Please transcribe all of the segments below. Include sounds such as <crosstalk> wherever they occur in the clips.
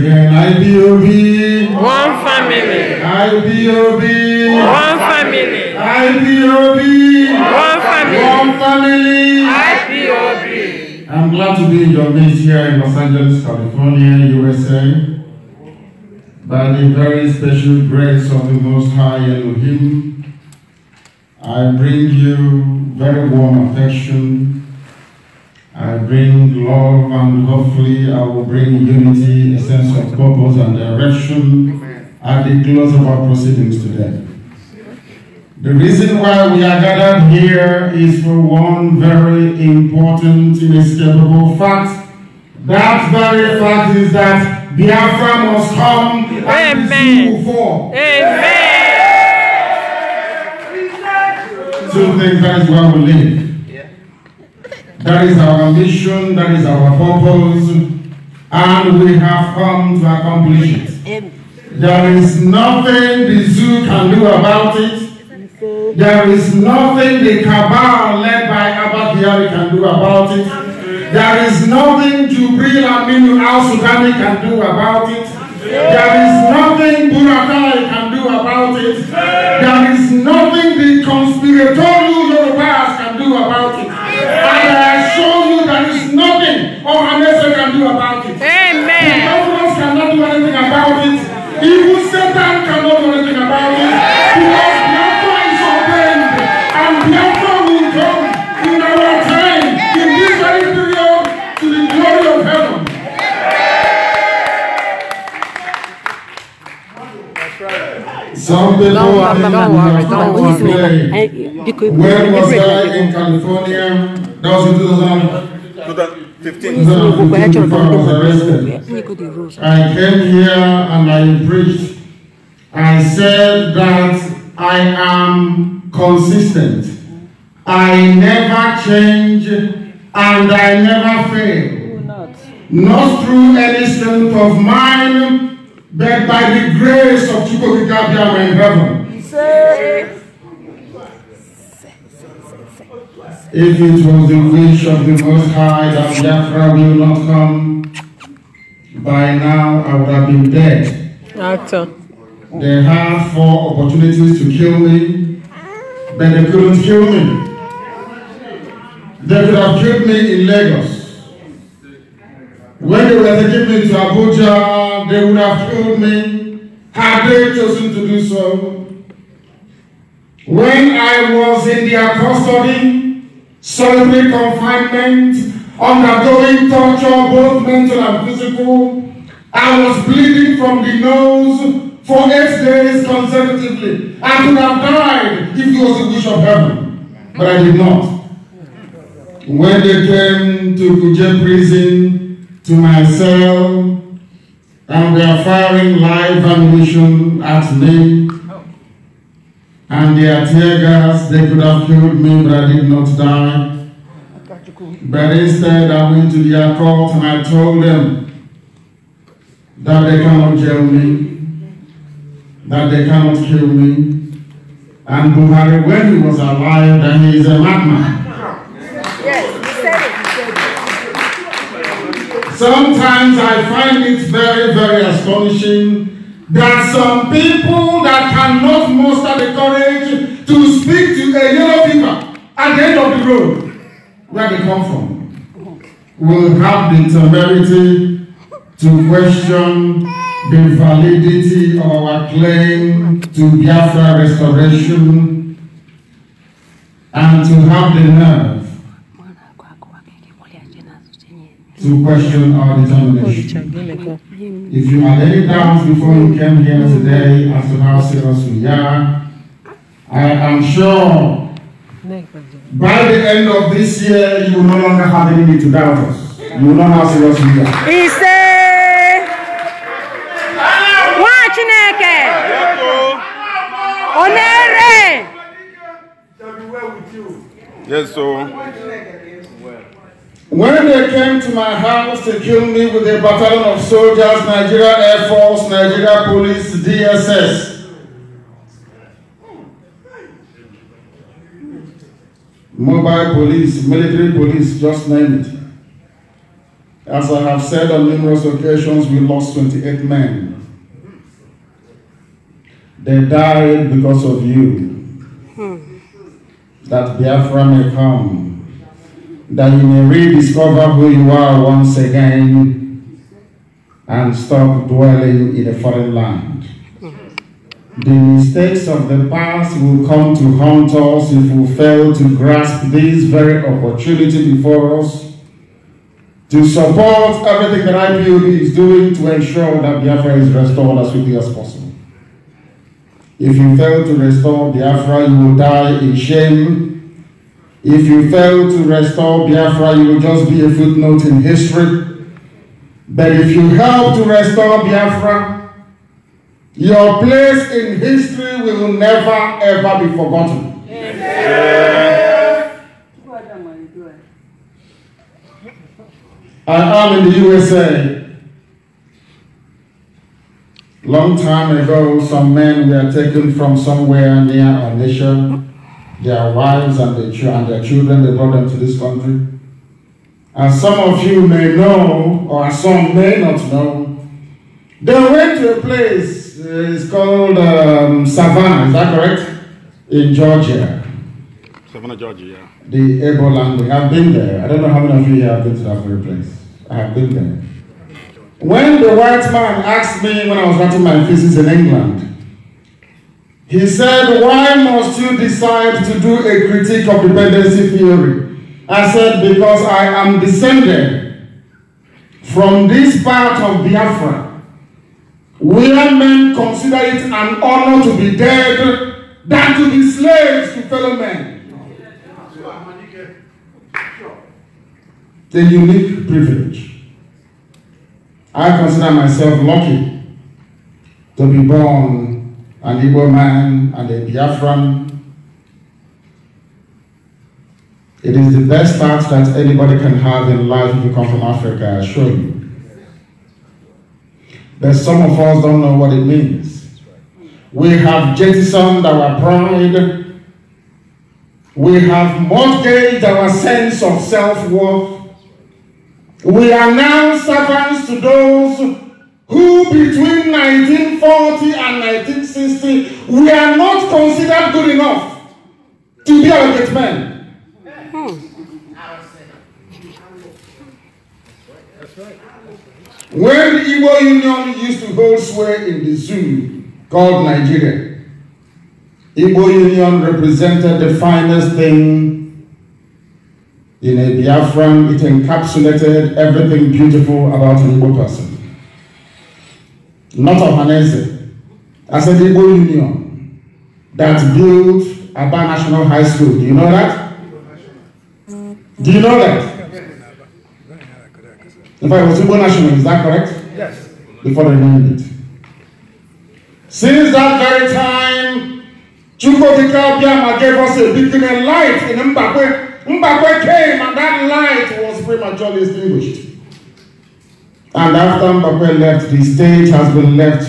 again. IPOB. One family. IPOB. One family. IPOB. One family. One family. IPOB. I'm glad to be in your midst here in Los Angeles, California, USA. By the very special grace of the Most High Elohim, I bring you very warm affection I bring love and hopefully I will bring unity, a sense of purpose and direction at the close of our proceedings today. The reason why we are gathered here is for one very important, inescapable fact. That very fact is that Biafra must come Amen. and move Amen. Two things, that is why we live. That is our ambition. that is our purpose, and we have come to accomplish it. There is nothing the zoo can do about it. There is nothing the cabal led by Abadiari can do about it. There is nothing Jubril Aminu Al Sudani can do about it. There is nothing Buratai can do about it. There is nothing the conspirator Some people don't worry, was I in California? That was in 2015. No, I was arrested. I came here and I preached. I said that I am consistent. I never change and I never fail. Not through any strength of mine, But by the grace of Chukwukikabia, we're in heaven. If it was the wish of the Most High that Biafra will not come, by now I would have been dead. Actor. They had four opportunities to kill me, but they couldn't kill me. They could have killed me in Lagos. When they were taking me to Abuja, they would have killed me had they chosen to do so. When I was in their custody, solitary confinement, undergoing torture, both mental and physical, I was bleeding from the nose for eight days consecutively. I could have died if it was the wish of heaven, but I did not. When they came to Kuje prison, to myself and their are firing live ammunition at me and their tear gas, they could have killed me but I did not die. But instead I went to the court and I told them that they cannot jail me, that they cannot kill me. And Buhari, when he was alive, then he is a madman. Sometimes I find it very, very astonishing that some people that cannot muster the courage to speak to a yellow fever at the end of the road where they come from will have the temerity to question the validity of our claim to Biafra restoration and to have the nerve to question our determination. If you had any doubts before you came here today as to how serious we are, I am sure by the end of this year you will no longer have any need to doubt us. You will know how serious we are. He said, Watching Onere! Shall be well with you. Yes, sir. When they came to my house to kill me with a battalion of soldiers, Nigeria Air Force, Nigeria Police, DSS. Mobile police, military police, just name it. As I have said on numerous occasions, we lost 28 men. They died because of you. Hmm. That Biafra may come. that you may rediscover who you are once again and stop dwelling in a foreign land. The mistakes of the past will come to haunt us if we fail to grasp this very opportunity before us to support everything that IPOB is doing to ensure that Biafra is restored as quickly as possible. If you fail to restore Biafra, you will die in shame if you fail to restore Biafra, you will just be a footnote in history. But if you help to restore Biafra, your place in history will never ever be forgotten. Yes. I am in the USA. Long time ago, some men were taken from somewhere near our nation their wives and, their children, they brought them to this country. And some of you may know, or some may not know, they went to a place, eh, it's called um, Savannah, is that correct? In Georgia. Savannah, Georgia, yeah. The Ebo language. I've been there. I don't know how many of you have been to that very place. I have been there. When the white man asked me when I was writing my thesis in England, He said, Why must you decide to do a critique of dependency theory? I said, Because I am descended from this part of Biafra where men consider it an honor to be dead than to be slaves to fellow men. The unique privilege. I consider myself lucky to be born an Igbo man and a Biafran. It is the best start that anybody can have in life if you come from Africa, I assure you. But some of us don't know what it means. We have jettisoned our pride. We have mortgaged our sense of self-worth. We are now servants to those who between 1940 and 1960 were not considered good enough to be our great men. When the Igbo Union used to hold sway in the zoo called Nigeria, Igbo Union represented the finest thing in a Biafran. It encapsulated everything beautiful about an Igbo person. not Ohaneze, as a Igbo union that built Aba National High School. Do you know that? Do you know that? In fact, it was Igbo National, is that correct? Yes. Before they named it. Since that very time, Chukwudika Biama gave us a beacon of light in Mbakwe. Mbakwe came and that light was prematurely extinguished. And after Mbappe left, the stage, has been left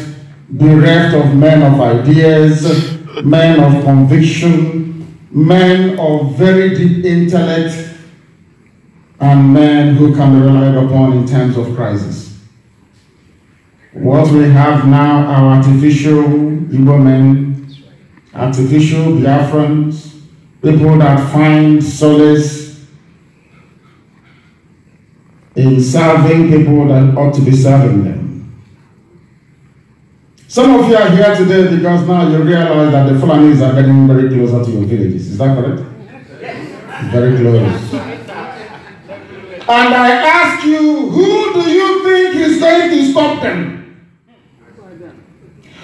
bereft of men of ideas, men of conviction, men of very deep intellect, and men who can be relied upon in times of crisis. What we have now are artificial Igbo men, artificial Biafrans, people that find solace in serving people that ought to be serving them. Some of you are here today because now you realize that the Fulanis are getting very close to your villages. Is that correct? Yes. Very close. And I ask you, who do you think is going to stop them?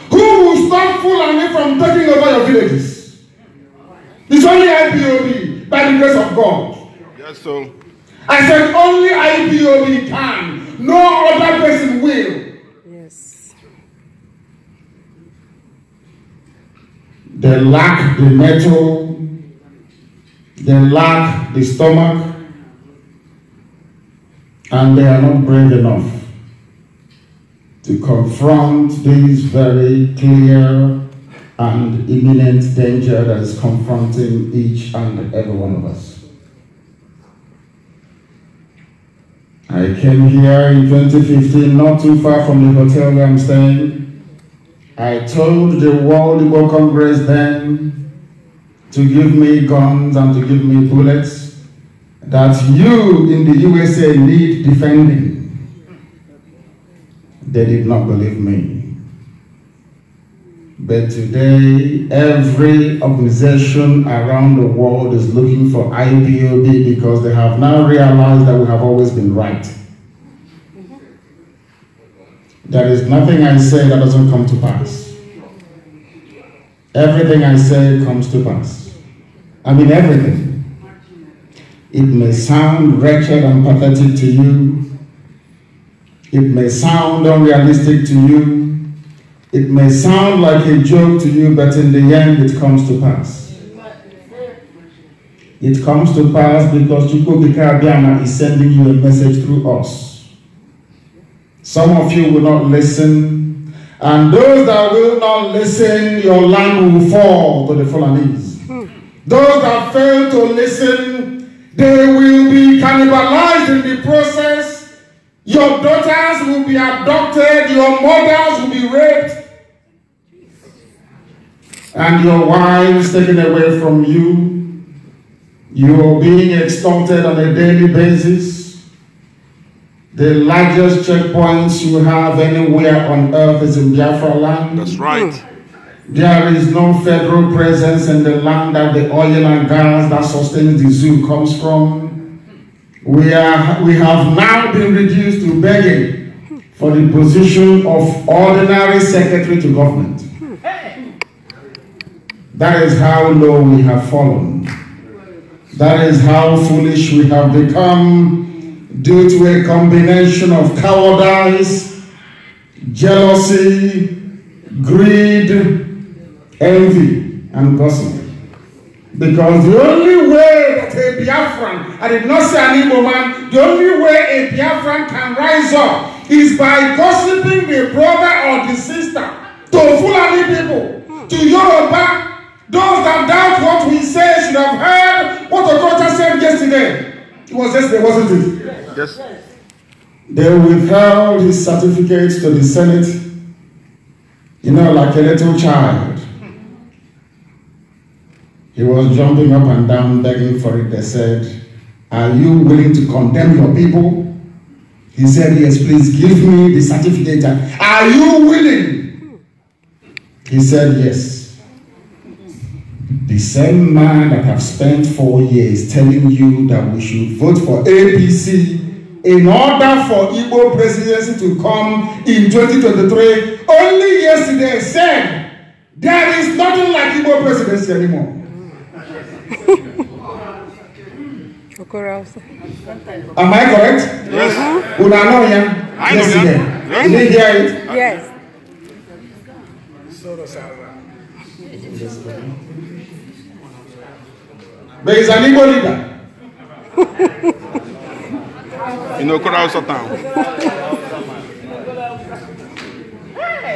Who will stop Fulani from taking over your villages? It's only IPOB by the grace of God. Yes, sir. I said, only IPOB can. No other person will. Yes. They lack the metal. They lack the stomach. And they are not brave enough to confront this very clear and imminent danger that is confronting each and every one of us. I came here in 2015, not too far from the hotel where I'm staying. I told the World War Congress then to give me guns and to give me bullets, that you in the USA need defending. They did not believe me. But today, every organization around the world is looking for IPOB because they have now realized that we have always been right. There is nothing I say that doesn't come to pass. Everything I say comes to pass. I mean, everything. It may sound wretched and pathetic to you, it may sound unrealistic to you. It may sound like a joke to you, but in the end, it comes to pass. It comes to pass because Chukwuka is sending you a message through us. Some of you will not listen, and those that will not listen, your land will fall to the Fulanese. Those that fail to listen, they will be cannibalized in the process your daughters will be adopted, your mothers will be raped, and your wives taken away from you. You are being extorted on a daily basis. The largest checkpoints you have anywhere on earth is in Biafra land. That's right. There is no federal presence in the land that the oil and gas that sustains the zoo comes from we, are, we have now been reduced to begging for the position of ordinary secretary to government. That is how low we have fallen. That is how foolish we have become due to a combination of cowardice, jealousy, greed, envy, and gossip. Because the only a Biafran. I did not say an Igbo man. The only way a Biafran can rise up is by gossiping the brother or the sister to Fulani people, to Yoruba, those that doubt what we say should have heard what Okocha said yesterday. It was yesterday, wasn't it? Yes. They withheld his certificate to the Senate, you know, like a little child. He was jumping up and down begging for it. They said, Are you willing to condemn your people? He said, Yes, please give me the certificate. Are you willing? He said, Yes. The same man that have spent four years telling you that we should vote for APC in order for Igbo presidency to come in 2023, only yesterday said there is nothing like Igbo presidency anymore. Okoro Hausa. Am I correct? Yes. Uh-huh. Una know him yesterday. Yes. Did you hear it? Yes. But he's an Igbo leader. <laughs> In Okoro Hausa town.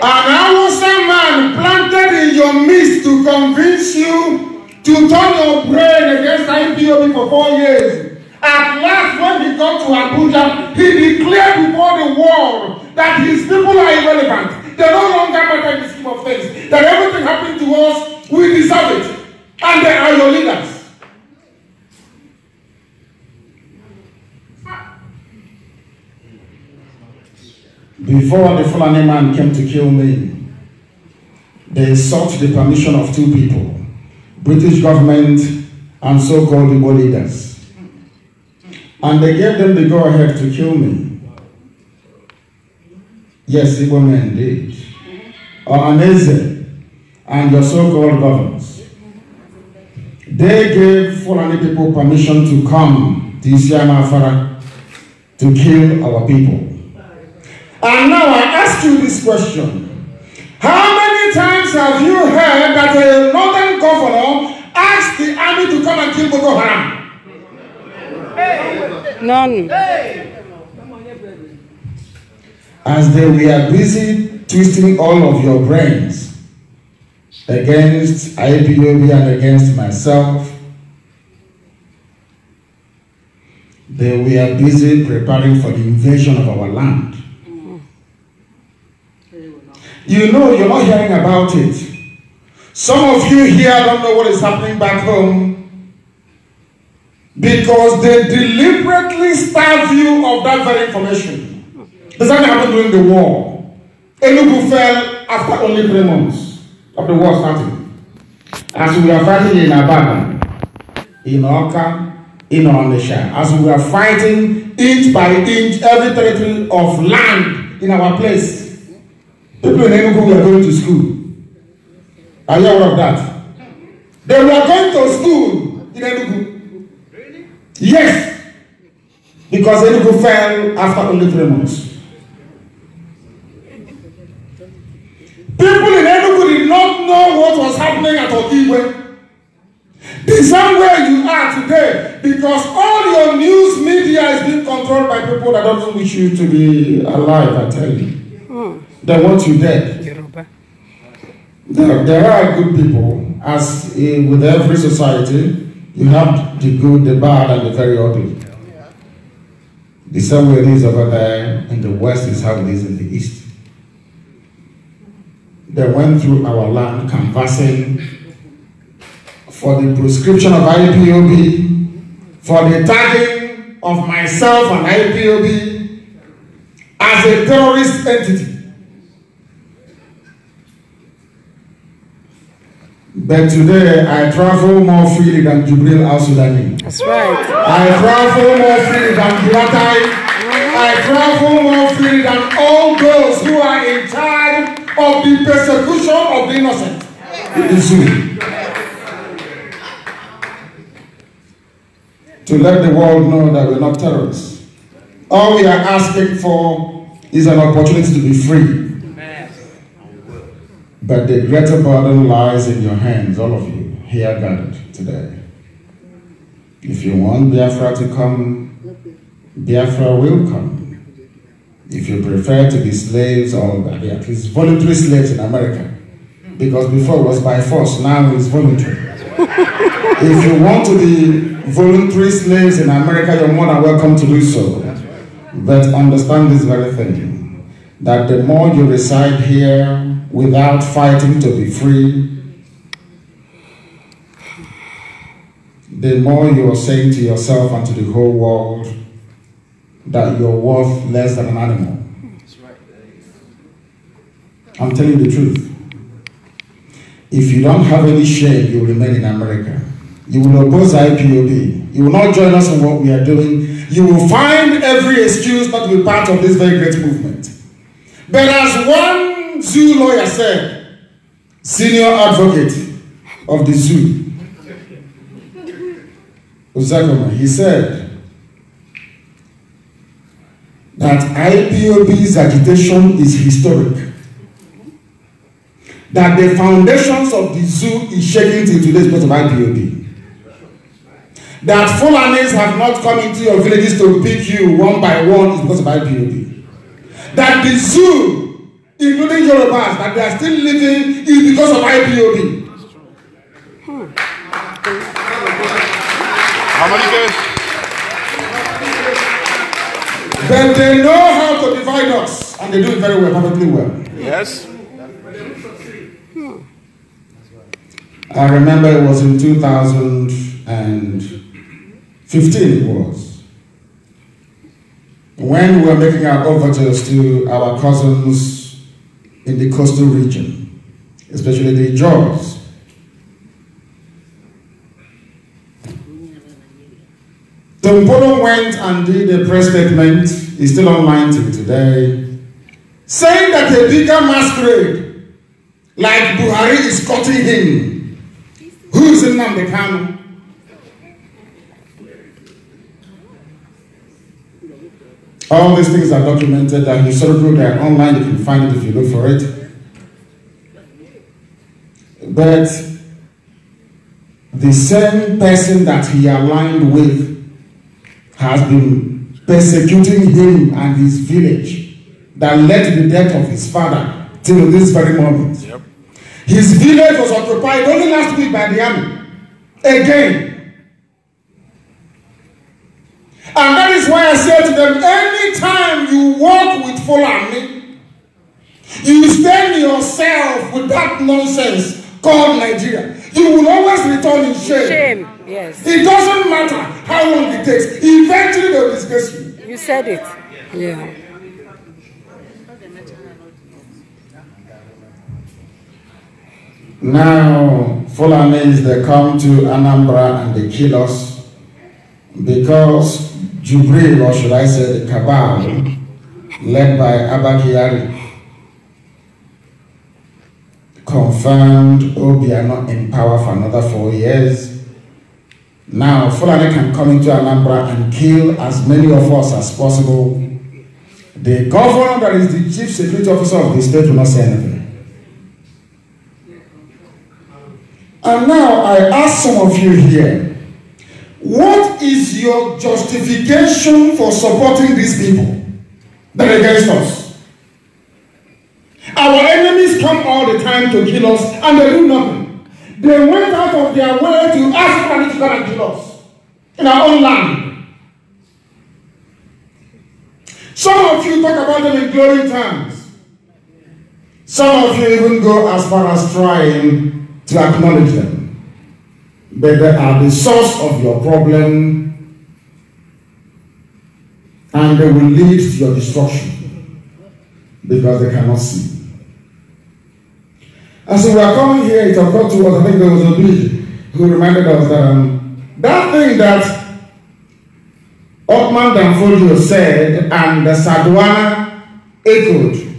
An Hausa man planted in your midst to convince you to turn your brain against IPOB for four years. At last, when he got to Abuja, he declared before the world that his people are irrelevant. They no longer matter in the scheme of things. That everything happened to us, we deserve it. And they are your leaders. Before the Fulani man came to kill me, they sought the permission of two people. British government and so-called Igbo leaders. And they gave them the go-ahead to kill me. Yes, Igbo men did. Or Aneze and the so-called governors. They gave foreign people permission to come to Isiamafara to kill our people. And now I ask you this question. How many times have you heard that another call for law, ask the army to come and kill Boko Haram. None. As they we are busy twisting all of your brains against IPOB and against myself, they are busy preparing for the invasion of our land. You know, you're not hearing about it. Some of you here don't know what is happening back home because they deliberately starve you of that very information. Does that happen during the war? Enugu fell after only three months of the war starting. As we are fighting in Ababa, in Oka, in Onisha, as we are fighting inch by inch every territory of land in our place, people in Enugu were going to school. Are you aware of that? They were going to school in Enugu. Really? Yes. Because Enugu fell after only three months. People in Enugu did not know what was happening at Okiwe. The same way you are today, because all your news media is being controlled by people that don't wish you to be alive, I tell you. Mm. They want you dead. There, there are good people, as in, eh, with every society, you have the good, the bad, and the very ugly. The same way it is over there in the west is how it is in the east. They went through our land canvassing for the prescription of IPOB, for the tagging of myself and IPOB as a terrorist entity. But today I travel more freely than Jubril Al Sudani. That's right. I travel more freely than Buratai. I travel more freely than all those who are in charge of the persecution of the innocent. It is me. To let the world know that we're not terrorists. All we are asking for is an opportunity to be free. But the greater burden lies in your hands, all of you, here gathered today. If you want Biafra to come, Biafra will come. If you prefer to be slaves or at least voluntary slaves in America, because before it was by force, now it's voluntary. <laughs> if you want to be voluntary slaves in America, you're more than welcome to do so. But understand this very thing, that the more you reside here, without fighting to be free, the more you are saying to yourself and to the whole world that you're worth less than an animal. I'm telling you the truth. If you don't have any shame, you will remain in America. You will oppose IPOB. You will not join us in what we are doing. You will find every excuse not to be part of this very great movement. But as one zoo lawyer said, senior advocate of the zoo, Ozagoma. he said that IPOB's agitation is historic. That the foundations of the zoo is shaking till today's because of IPOB. That Fulanis have not come into your villages to pick you one by one is because of IPOB. That the zoo including Yorubas, that they are still living is because of IPOB. Hmm. But they know how to divide us, and they do it very well, perfectly well. Yes. I remember it was in 2015 it was. When we were making our overtures to our cousins in the coastal region, especially the Jaws. Tom went and did a press statement, He's still online till today, saying that a bigger masquerade like Buhari is cutting him. Who is in Namdekano? All these things are documented and you sort of there online, you can find it if you look for it. But the same person that he aligned with has been persecuting him and his village that led to the death of his father till this very moment. Yep. His village was occupied only last week by the army. Again, And that is why I said to them, anytime you walk with Fulani, you stain yourself with that nonsense called Nigeria. You will always return in shame. Shame, yes. It doesn't matter how long it takes. Eventually they will disgrace you. You said it. Yeah. Now, Fulani is they come to Anambra and they kill us because Jubril, or should I say the cabal, led by Abakari, confirmed not in power for another four years. Now, Fulani can come into Anambra and kill as many of us as possible. The governor, that is the chief security officer of the state, will not say anything. And now I ask some of you here, What is your justification for supporting these people that are against us? Our enemies come all the time to kill us and they do nothing. They went out of their way to ask Spanish God and kill us in our own land. Some of you talk about them in glowing terms. Some of you even go as far as trying to acknowledge them but they are the source of your problem and they will lead to your destruction because they cannot see. As we are coming here, it occurred to us, I think there was a bee who reminded us that um, that thing that Otman Danfodio said and the Sadwana echoed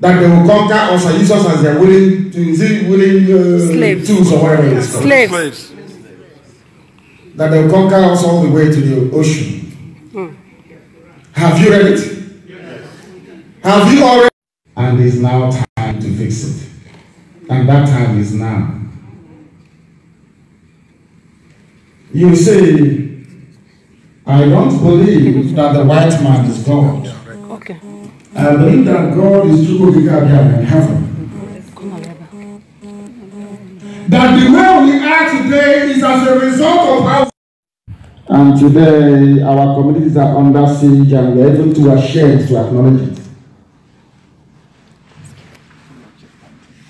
that they will conquer us and use us as their willing to is it willing uh, slaves. tools or whatever it's called. Slaves. slaves. That they will conquer us all the way to the ocean. Hmm. Have you read it? Yes. Have you already? And it's now time to fix it. And that time is now. You say, I don't believe that the white man is God. I believe that God is too good to in heaven. That the way we are today is as a result of how. And today, our communities are under siege, and we're are even too ashamed to acknowledge it.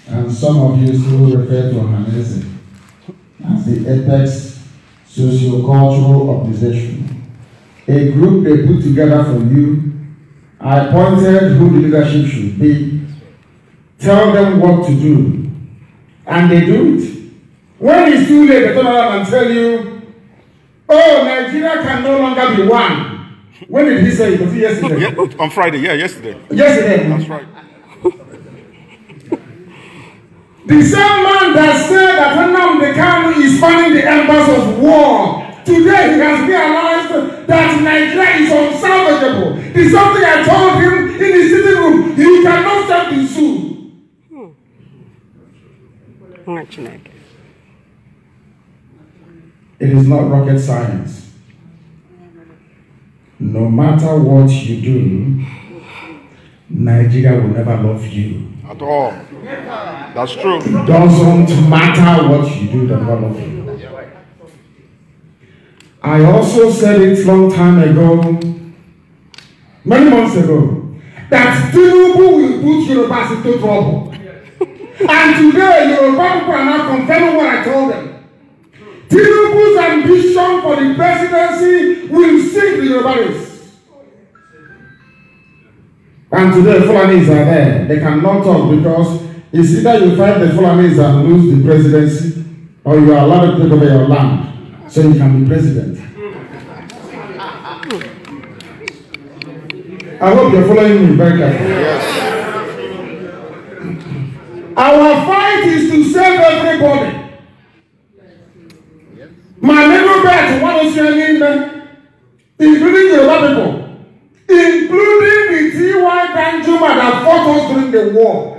And some of you still refer to Hanese as the apex socio-cultural organization, a group they put together for you I appointed who the leadership should be, tell them what to do, and they do it. When it's too late, they turn around and tell you, oh, Nigeria can no longer be one. When did he say it? Was it yesterday? Yeah, oh, on Friday, yeah, yesterday. Yesterday. That's right. the same man that said that the Kanu is fanning the embers of war, today he has realized that Nigeria is unsalvageable. Is something I told him in the sitting room. You cannot start the zoo. Hmm. It is not rocket science. No matter what you do, Nigeria will never love you. At all. That's true. It doesn't matter what you do, they never love you. I also said it long time ago many months ago that Tinubu will put Yorubas into trouble. <laughs> and today, Yoruba people are now confirming what I told them. Tinubu's ambition for the presidency will sink the Yoruba race. And today, Fulanis are there. They cannot talk because it's either you fight the Fulanis and lose the presidency, or you are allowed to take over your land so you can be president. I hope you're following me very carefully. Yes. Our fight is to save everybody. Yes. My little bet, what was your name then? Including Yoruba people. Including the T.Y. Danjuma that fought us during the war.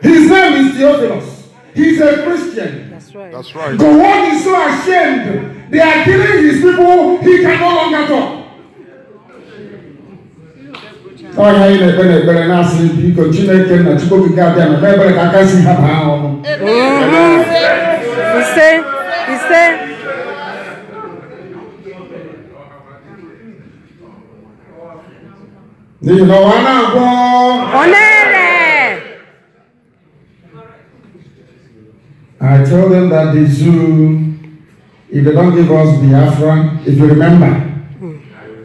His name is Theophilus. He's a Christian. That's right. That's right. The world is so ashamed. They are killing his people. He can no longer talk ọnya anyị na na ekpere na-asị biko chineke na chukwu gị ga-abịa na ebere ka aka si ha ọnụ n'ihi na ọwa na-abụ I told them that the zoo, if they don't give us Biafra, if you remember,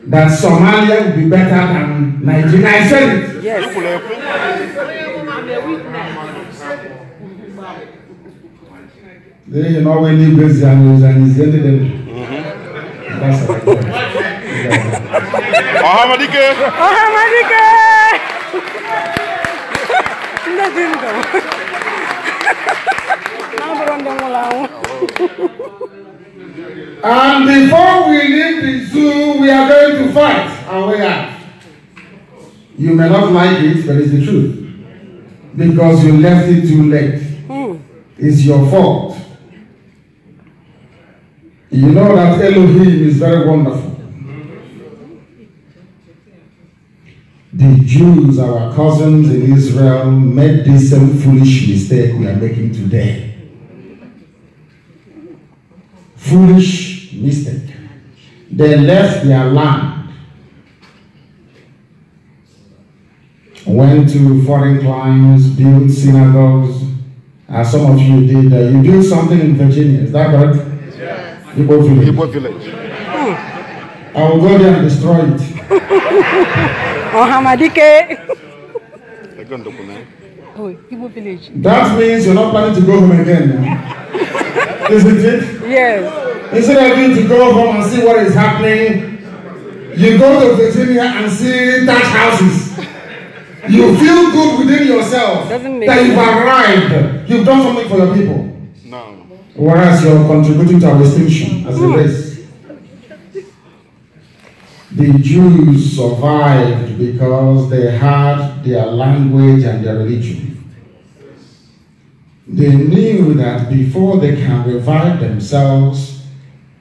that Somalia will be better than Nigeria. I said it. Yes. you know when he and he's and he's ended That's a Ahamadike! Ahamadike! Nothing though. <laughs> Number one, don't allow. And before we leave the zoo, we are going to fight and we are. You may not like it, but it's the truth. Because you left it too late. It's your fault. You know that Elohim is very wonderful. The Jews, our cousins in Israel, made the same foolish mistake we are making today. Foolish Mistake. They left their land, went to foreign climes, built synagogues. As some of you did, uh, you built something in Virginia, is that right? Yes. Igbo Village. Village. I will go there and destroy it. Oh, oh, that means you're not planning to go home again. <laughs> Isn't it? Yes. Instead of you to go home and see what is happening, you go to Virginia and see thatch houses. You feel good within yourself that you've arrived. You've done something for your people. No. Whereas you're contributing to our extinction as a race. Hmm. The Jews survived because they had their language and their religion they knew that before they can revive themselves,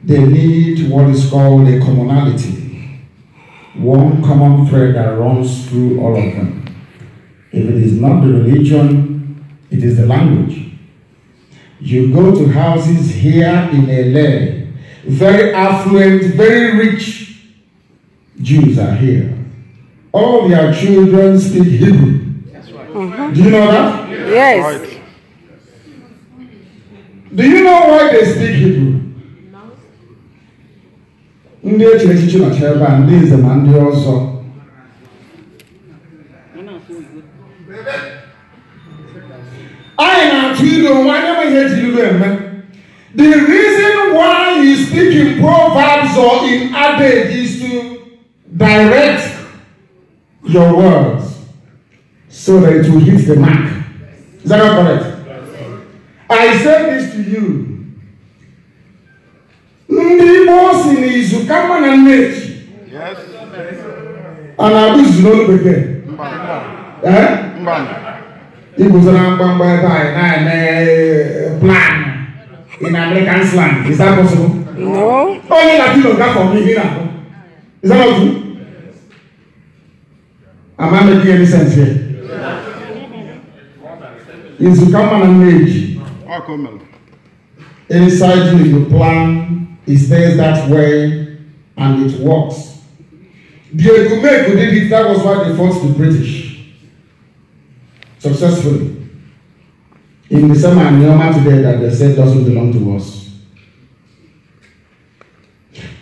they need what is called a commonality, one common thread that runs through all of them. If it is not the religion, it is the language. You go to houses here in LA, very affluent, very rich Jews are here. All their children speak Hebrew. Right. Mm-hmm. Do you know that? Yes. yes. Right. Do you know why they speak Hebrew? ndị echiri echichi nọchara ebe a ndị nze na ndị ọzọ anyị na-atụ ilu onwe anyị amaghị eji ilu eme the reason why you speak in proverbs or in adage is to direct your words so that it will hit the mark is that not correct i said this to you ndị Igbo si n'izu kama na nneji a na-abụ izu n'olu bekee eh? iguzora mgbamgba ebe anyị na-eme eh, plan in American slang is that possible? no onye latino gafọ m ihe na-abụ is that not true? am I making any sense here? izu kama na nneji inside you you plan He stays that way and it works. The Diego could did it, that was why they fought the British successfully. In the same Anioma today that they said doesn't belong to us.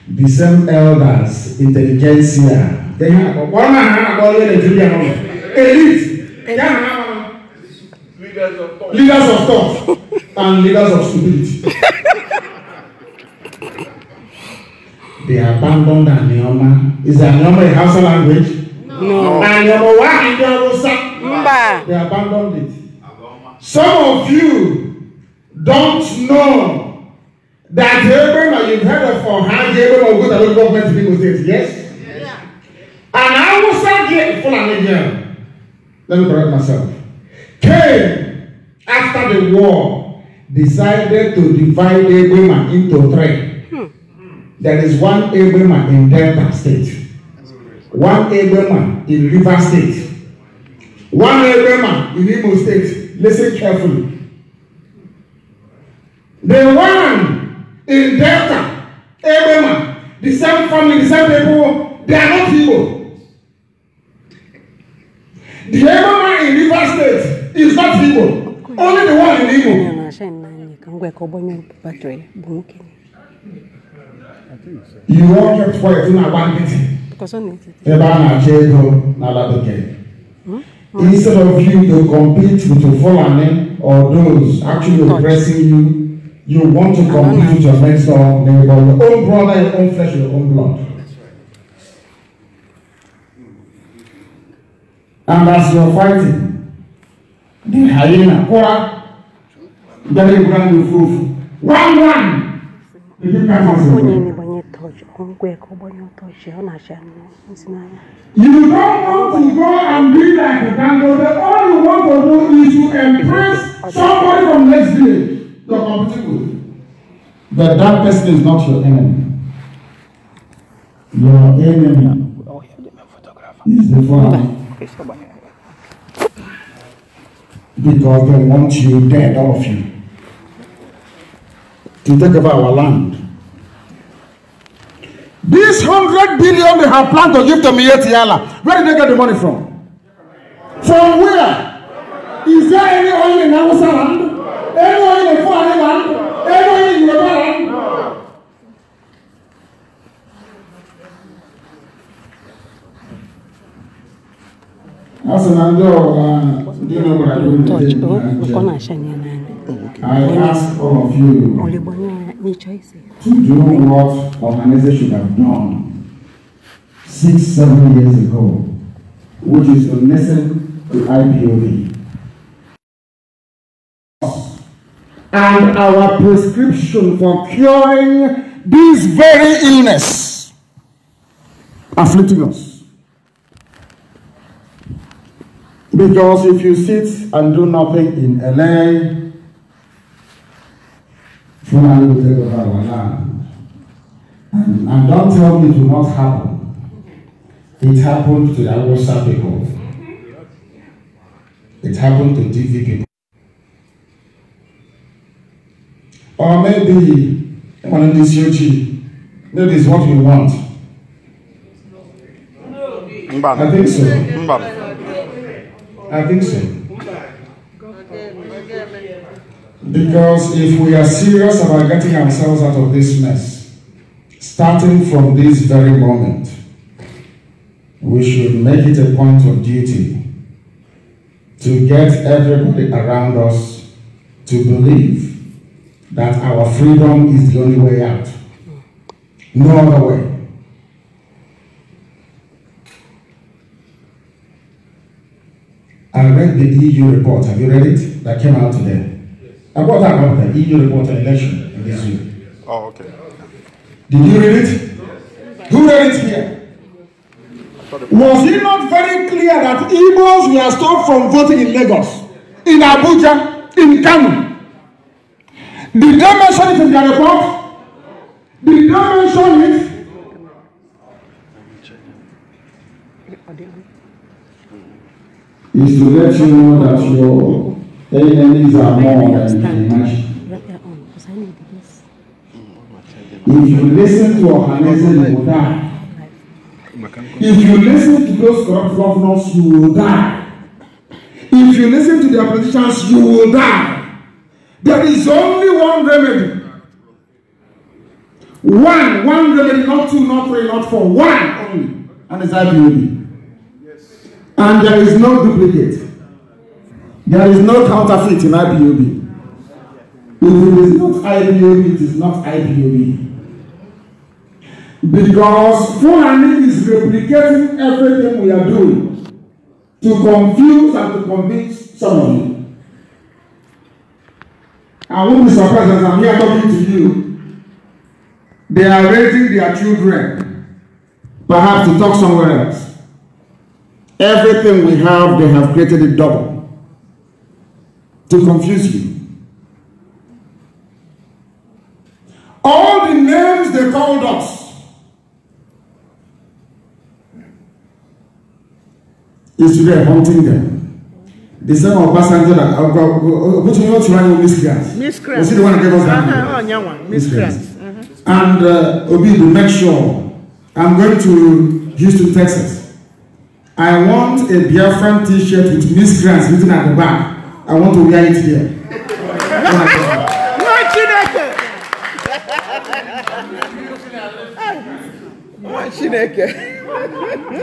The same elders, intelligentsia, they have one hand all the Nigerian elite, leaders of thought, and leaders of stupidity. <laughs> They abandoned Anioma. Is Anioma a Hausa language? No. Anioma wa Anioma Mba. They abandoned it. Some of you don't know that Abraham, you've heard of for Haji Abraham Ogun, the government in Imo State, yes? Yeah. And Hausa gave Fulani girl. Let me correct myself. Came after the war, decided to divide Abraham into three. There is one able man in Delta State, one able man in River State, one able man in Imo State. Listen carefully. The one in Delta, able man, the same family, the same people, they are not Igbo. The able man in River State is not Igbo, only the one in Igbo ìwọ kẹfọ ẹ fún àwa nítì ẹ bá nàjẹ ẹdọ n'alábẹgẹ instead of you to compete with your Fulani or those actually oppressing you you want to compete with your next door neighbor your own brother your own flesh your own blood. And as you are fighting, the hyena, Kora, very grand and fruitful. One, one! The people come from church kongwe kobonye utoshe onashano msimama you don't want to go and be like the Dangote all you want to do is to embrace somebody from next village your competitor that that person is not your enemy your enemy is the one because they want you dead all of you to take over our land This hundred billion they have planned to give to Mieti Yala, where did they get the money from? From where? Is there any oil in Hausa land? Any oil in foreign land? Any oil in Yoruba land? Oh, uh, oh, I ask all of you Which Do said. Do what organization should have done six, seven years ago, which is to listen to IPOB. And our prescription for curing this very illness afflicting us. Because if you sit and do nothing in LA, Fulani will take over our land. And, don't tell me it will not happen. It happened to the Agosa people. It happened to DV people. Or maybe, one of these UG, maybe it's what we want. I think so. I think so. Because if we are serious about getting ourselves out of this mess, starting from this very moment, we should make it a point of duty to get everybody around us to believe that our freedom is the only way out. No other way. I read the EU report. Have you read it? That came out today. I got that about there, EU reporter election in this week. Oh, okay. Did you read it? Who read it here? Was it not very clear that Igbos were stopped from voting in Lagos, in Abuja, in Kano? Did they mention it in their report? Did they mention it? Is to let you know that your Enemies are more than you If you listen to Ohanese, you will die. If you listen to those corrupt governors, you will die. If you listen to their politicians, you will die. There is only one remedy. One, one remedy, not two, not three, not four. One only. And it's IPOB. And there is no duplicate. There is no counterfeit in IPOB. If it is not IPOB, it is not IPOB. Because Fulani is replicating everything we are doing to confuse and to convince some of you. I won't be surprised as I'm here talking to you. They are raising their children, perhaps to talk somewhere else. Everything we have, they have created it double to confuse you. All the names they called us, is today haunting them. The same Obasanjo that I've uh, got, uh, uh, which you know, trying miscreants. Miscreants. You see the one that gave us that? Uh-huh, oh, miscreants. miscreants. Uh-huh. uh And Obi, to make sure, I'm going to Houston, Texas. I want a Biafran t shirt with Miss miscreants written at the back. I want to wear oh it here.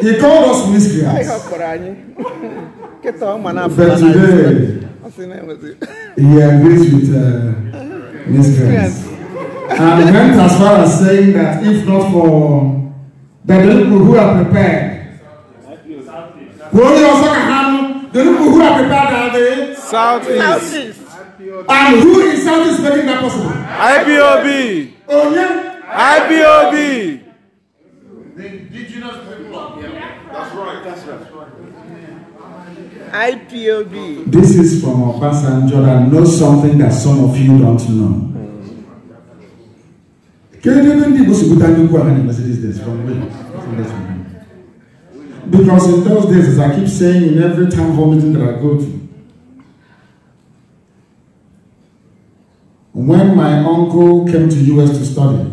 he called us miscreants. but today, he agrees with uh, miscreants. and went as far as saying that if not for the people who are prepared, The people who are prepared are the Southeast. And who in Southeast making that possible? IPOB. Onye? IPOB. The indigenous people of here. That's right. That's right. IPOB. This is from our pastor Obasanjo that knows something that some of you don't know. Can you even give us a good time to go ahead and Mercedes this from me? Because in those days, as I keep saying in every town hall meeting that I go to, when my uncle came to US to study,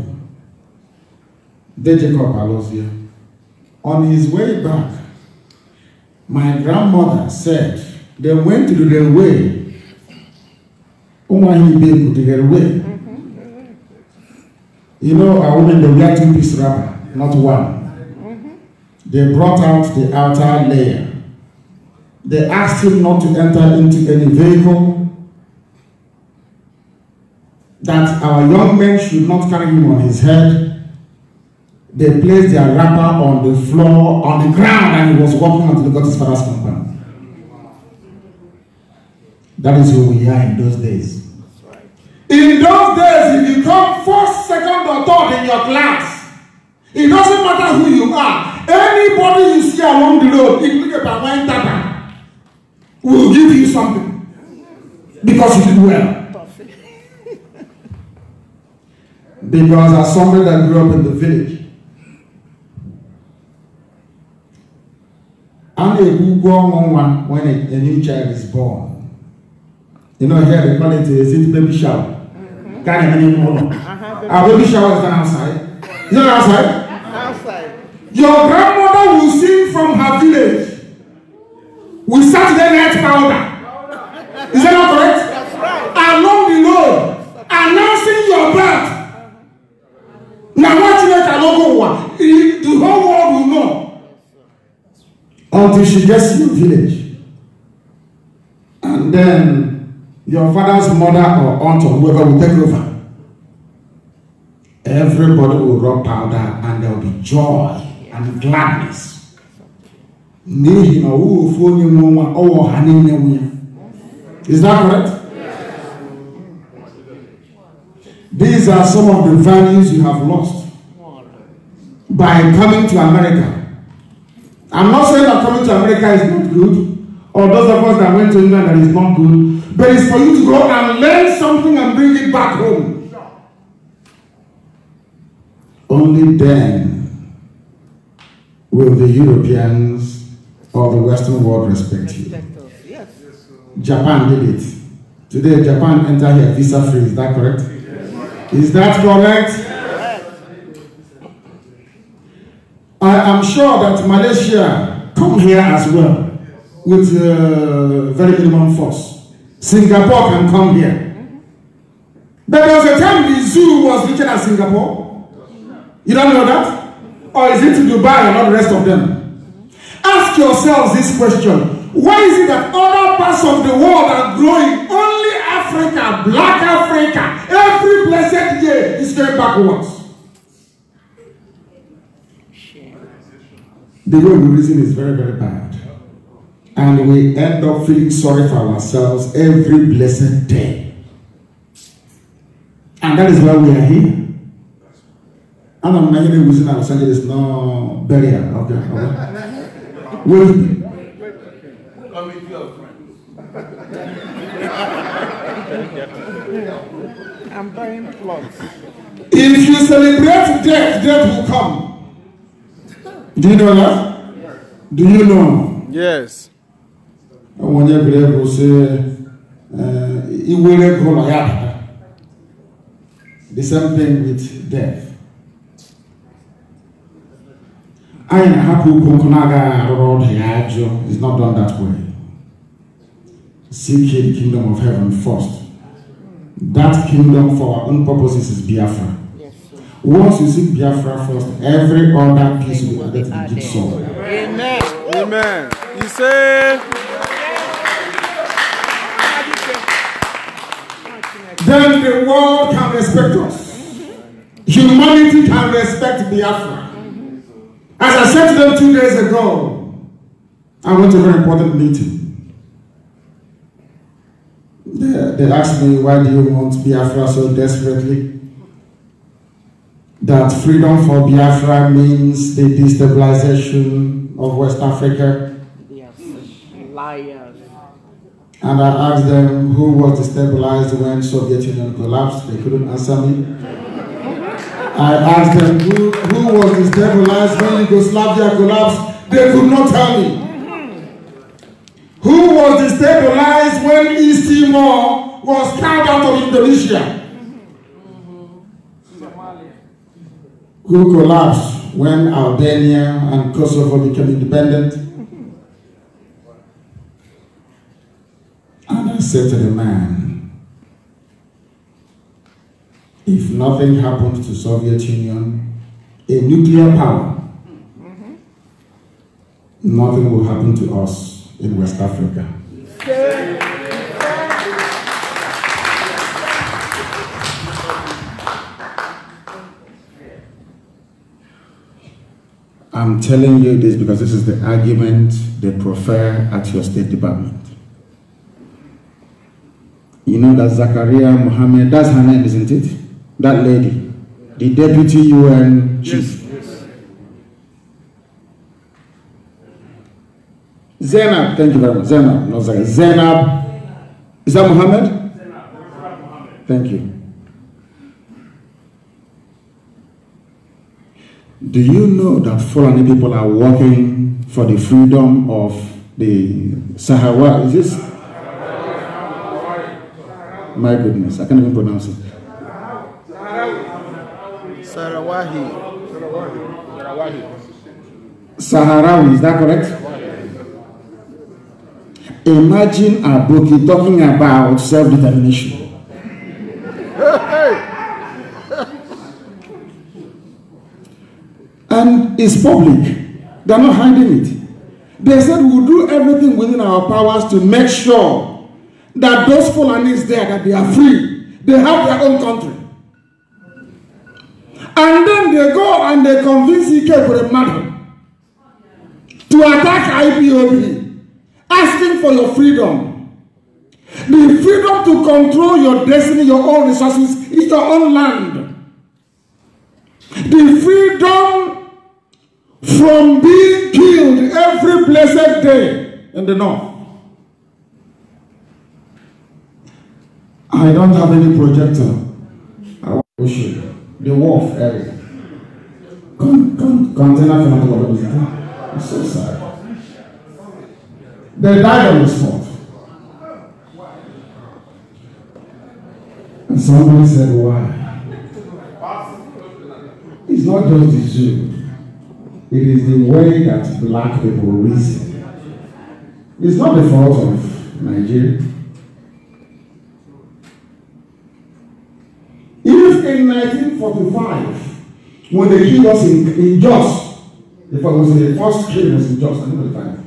De Jacob Alozia, on his way back, my grandmother said they went to the railway. able to get away? You know, a woman they wear two-piece wrapper, not one. They brought out the outer layer. They asked him not to enter into any vehicle, that our young men should not carry him on his head. They placed their wrapper on the floor, on the ground, and he was walking until he got his father's company. That is who we are in those days. In those days, if you come first, second, or third in your class, it doesn't matter who you are. Anybody you see along the road, including a Babain Tata, will give you something because you did well. because as somebody that grew up in the village, I'm a good one when a, a new child is born. You know, here they call it a city baby shower. Mm -hmm. Kind of name. Uh -huh, baby. Our baby shower is not outside. Is it outside? Your grandmother will sing from her village with Saturday night powder. Is that not correct? That's right. Along the road, announcing your birth. Now what you let alone one? The whole world will know. Until she gets to your village. And then your father's mother or aunt or whoever will take over. Everybody will rub powder and there will be joy. and gladness n'ihi na is that correct? These are some of the values you have lost by coming to America. I'm not saying that coming to America is not good, or those of us that went to England that is not good, but it's for you to go and learn something and bring it back home. Only then will the Europeans or the Western world respect you? Japan did it. Today, Japan entered here visa free. Is that correct? Is that correct? I am sure that Malaysia come here as well with uh, very minimum force. Singapore can come here. There was a time the zoo was written as Singapore. You don't know that? or is it to Dubai and not the rest of them? Ask yourselves this question. Why is it that other parts of the world are growing? Only Africa, black Africa, every blessed year is going backwards. The only reason is very, very bad. And we end up feeling sorry for ourselves every blessed day. And that is why we are here. Ana mnajini wizina Los Angeles no burial. Okay, okay. With committee of I'm buying plots. If you celebrate death, death will come. Do you know that? Yes. Do you know? Yes. Àwọn yẹn bẹ̀rẹ̀ kò ṣe ìwé rẹ̀ kò lọ́yà. The same thing with death. I na na-ahapụ ukwu nkụ not done that way seek the kingdom of heaven first that kingdom for our own purposes is biafra once you seek biafra first every other piece will get to jigsaw amen amen you say then the world can respect us humanity can respect biafra as I said to them two days ago, I went to a very important meeting. They, they asked me, why do you want Biafra so desperately? That freedom for Biafra means the destabilization of West Africa. Yes, liars. And I asked them who was destabilized when Soviet Union collapsed. They couldn't answer me. I asked them, who, who was destabilized when Yugoslavia collapsed? They could not tell me. Who was destabilized when East Timor was carved out of Indonesia? Who collapsed when Albania and Kosovo became independent? And I said to the man, if nothing happens to Soviet Union, a nuclear power, mm -hmm. nothing will happen to us in West Africa. I'm telling you this because this is the argument they prefer at your State Department. You know that Zakaria Mohammed, that's her name, isn't it? that lady, the deputy UN chief. Yes, Zainab, thank you very much. Zainab, no, sorry. Zainab, is that Muhammad? Muhammad. Thank you. Do you know that Fulani people are working for the freedom of the Sahara? Is this? My goodness, I can't even pronounce it. Sarawahi. Sarawahi. Sahrawi, is that correct? Imagine a Aboki talking about self determination. <laughs> and it's public, they're not hiding it. They said we'll do everything within our powers to make sure that those Fulanis there that they are free, they have their own country. And then they go and they convince Ike for a matter to attack IPOB, asking for your freedom. The freedom to control your destiny, your own resources, is your own land. The freedom from being killed every blessed day in the north. I don't have any projector. I will show you the wolf area. Come, come, container cannot go over I'm so sorry. They died on the spot. And somebody said, Why? It's not just the zoo. it is the way that black people reason. It's not the fault of Nigeria. If in 1945, when they killed us in, in Jos, if I was the first killing was in Jos, I know the time.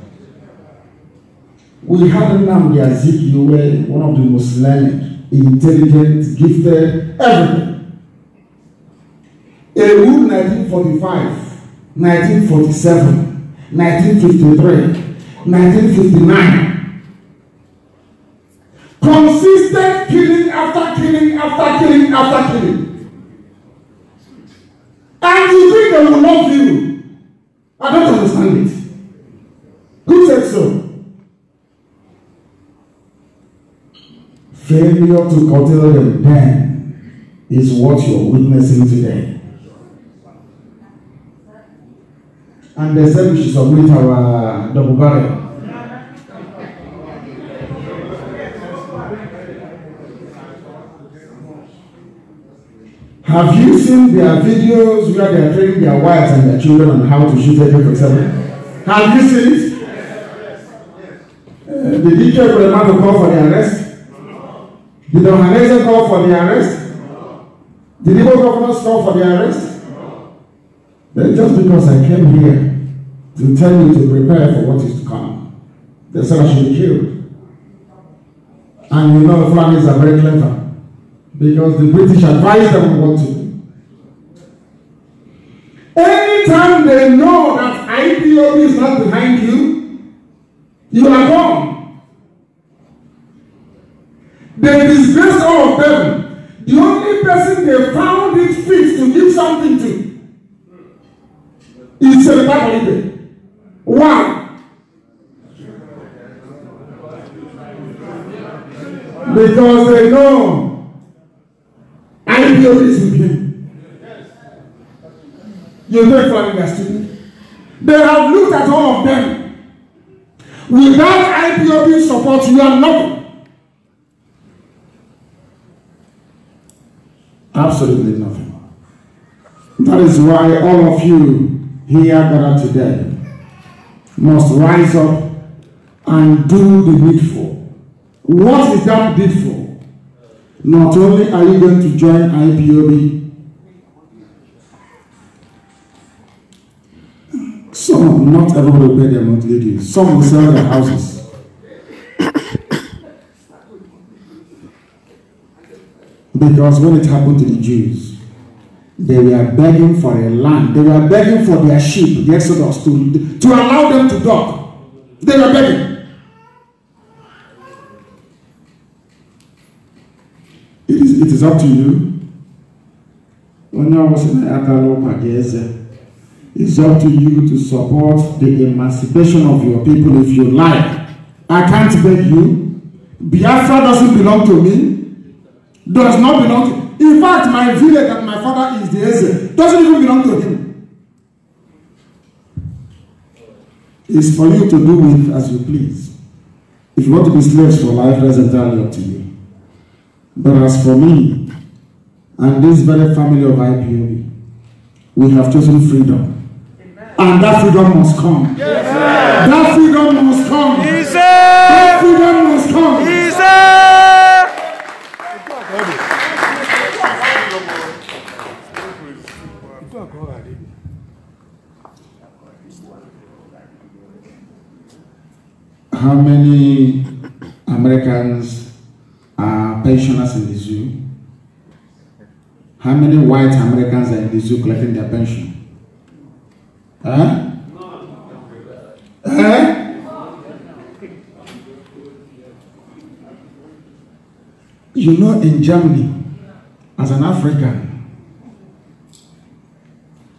We had Nnamdi Azikiwe, were one of the most learned, intelligent, gifted, everything. A Ewu 1945, 1947, 1953, 1959. Consistent killing after killing after killing after killing. And you think they will love you. I don't understand it. Who said so? Failure to control them then is what you're witnessing today. And they said we should submit our double barrel. Have you seen their videos where they are training their wives and their children on how to shoot every example? Have you seen it? did you teacher for the man to call for the arrest? Did the organizer call for the arrest? Did the governors call for the arrest? Then just because I came here to tell you to prepare for what is to come, the said should be killed. And you know, Fulanis are very clever because the British advised them what to do. Anytime they know that IPOB is not behind you, you are gone. They disgraced all of them. The only person they found it fit to give something to is Senator Holiday. Why? Because they know your is with him. You know for student. They have looked at all of them. Without IPOB support, you are nothing. Absolutely nothing. That is why all of you here gathered today must rise up and do the needful. What is that needful? Not only are you going to join IPOB, some, not everybody pay their monthly dues. Some will sell their houses. because when it happened to the Jews, they were begging for a land. They were begging for their sheep, the Exodus, to, to allow them to dock. They were begging. it is up to you. Onye ọbụla akara ụkwa It's up to you to support the emancipation of your people if you like. I can't beg you. Biafra doesn't belong to me. Does not belong to In fact, my village that my father is the Eze doesn't even belong to him. It's for you to do with as you please. If you want to be slaves for life, that's entirely up to you. But as for me and this very family of IPOB, we have chosen freedom. And that freedom must come. that freedom must come. That freedom must come. How many Americans pensioners in the zoo? How many white Americans are in the zoo collecting their pension? Huh? Huh? You know, in Germany, as an African,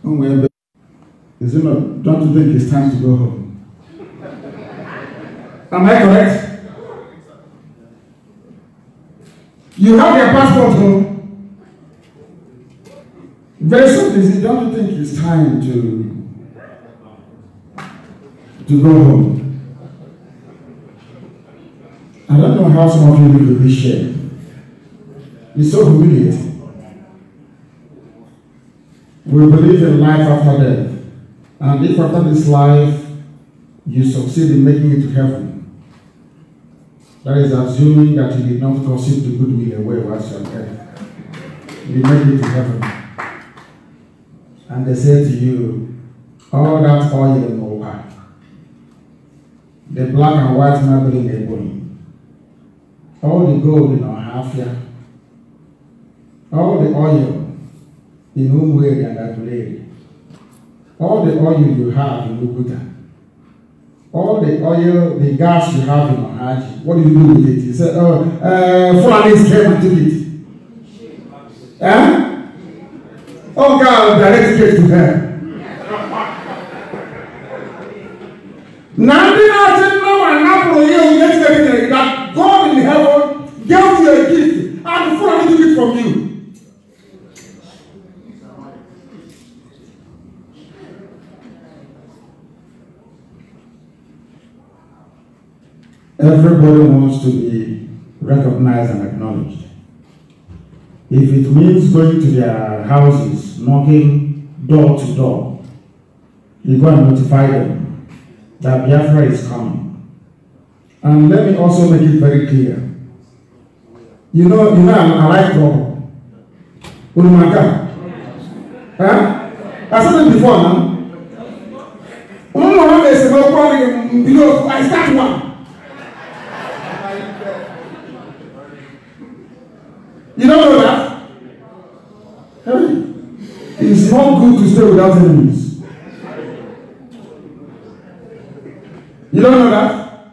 oh, is it not, don't you think it's time to go home? Am I correct? You have your passport, home. Very soon, don't you think it's time to to go home? I don't know how some of you will be shared. It's so humiliating. We believe in life after death. And if after this life you succeed in making it to heaven, That is assuming that you did not gossip the good will away whilst you are there. You made it to heaven. And they said to you, all that oil in over, the black and white marble in the bone, all the gold in our half year, all the oil in whom we are that lady, all the oil you have in Lubuta, all the oil, the gas you have in Hajj, what do you do with it? He said, oh, uh, eh, Fulanis came and took it. Eh? Oh God, direct it to her. Nothing I said, no, and not for you, you get everything that God in heaven gave you a gift and Fulani took it from you. Everybody wants to be recognized and acknowledged. If it means going to their houses, knocking door to door, you go and notify them that Biafra is coming. And let me also make it very clear. You know, you know, I, like trouble. Unumaka. Huh? I said it before man. Unumaka is now. I start one. You don't know that? It's not good to stay without enemies. You don't know that?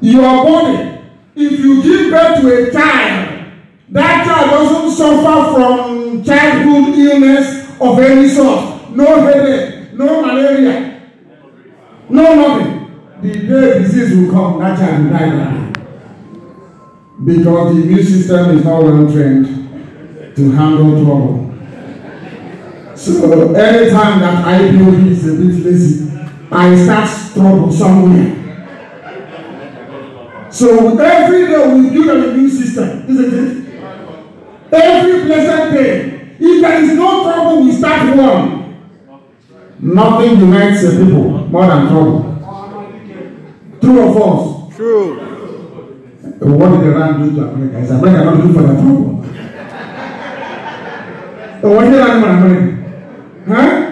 Your body, if you give birth to a child, that child doesn't suffer from childhood illness of any sort. No headache, no malaria, no nothing. The day disease will come, that child will die because the immune system is not well trained to handle trouble. So anytime that I know he's a bit lazy, I start trouble somewhere. So every day we build an immune system, isn't it? Every blessed day, if there is no trouble, we start one. Nothing unites the people more than trouble. True or false? True. What did Iran do to America? Is America not looking for that trouble. what did Iran do to America? Huh?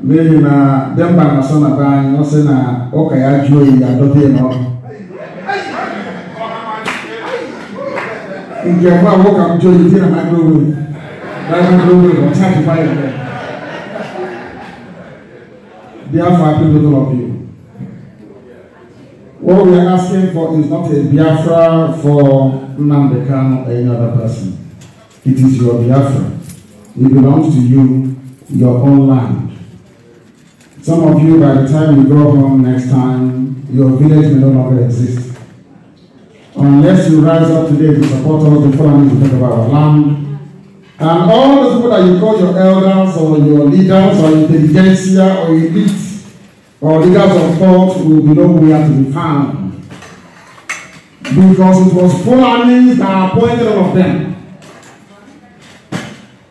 Maybe na them by my son of Iran, not saying na okay, ya do it, I don't hear no. Nti ẹ̀fọ́ àwọn ọkọ̀ àwùjọ yìí na microwave. Láì microwave, ọ̀chá ti fáyọ̀ bẹ́ẹ̀. Dear for people of you. What we are asking for is not a Biafra for Nnamdekano or any other person. It is your Biafra. It belongs to you, your own land. Some of you, by the time you go home next time, your village may no longer exist. Unless you rise up today to support us, the following to talk about our land. And all the people that you call your elders or your leaders or intelligentsia or elites Or leaders of thought will know where to be found. Because it was Fulani that appointed all of them.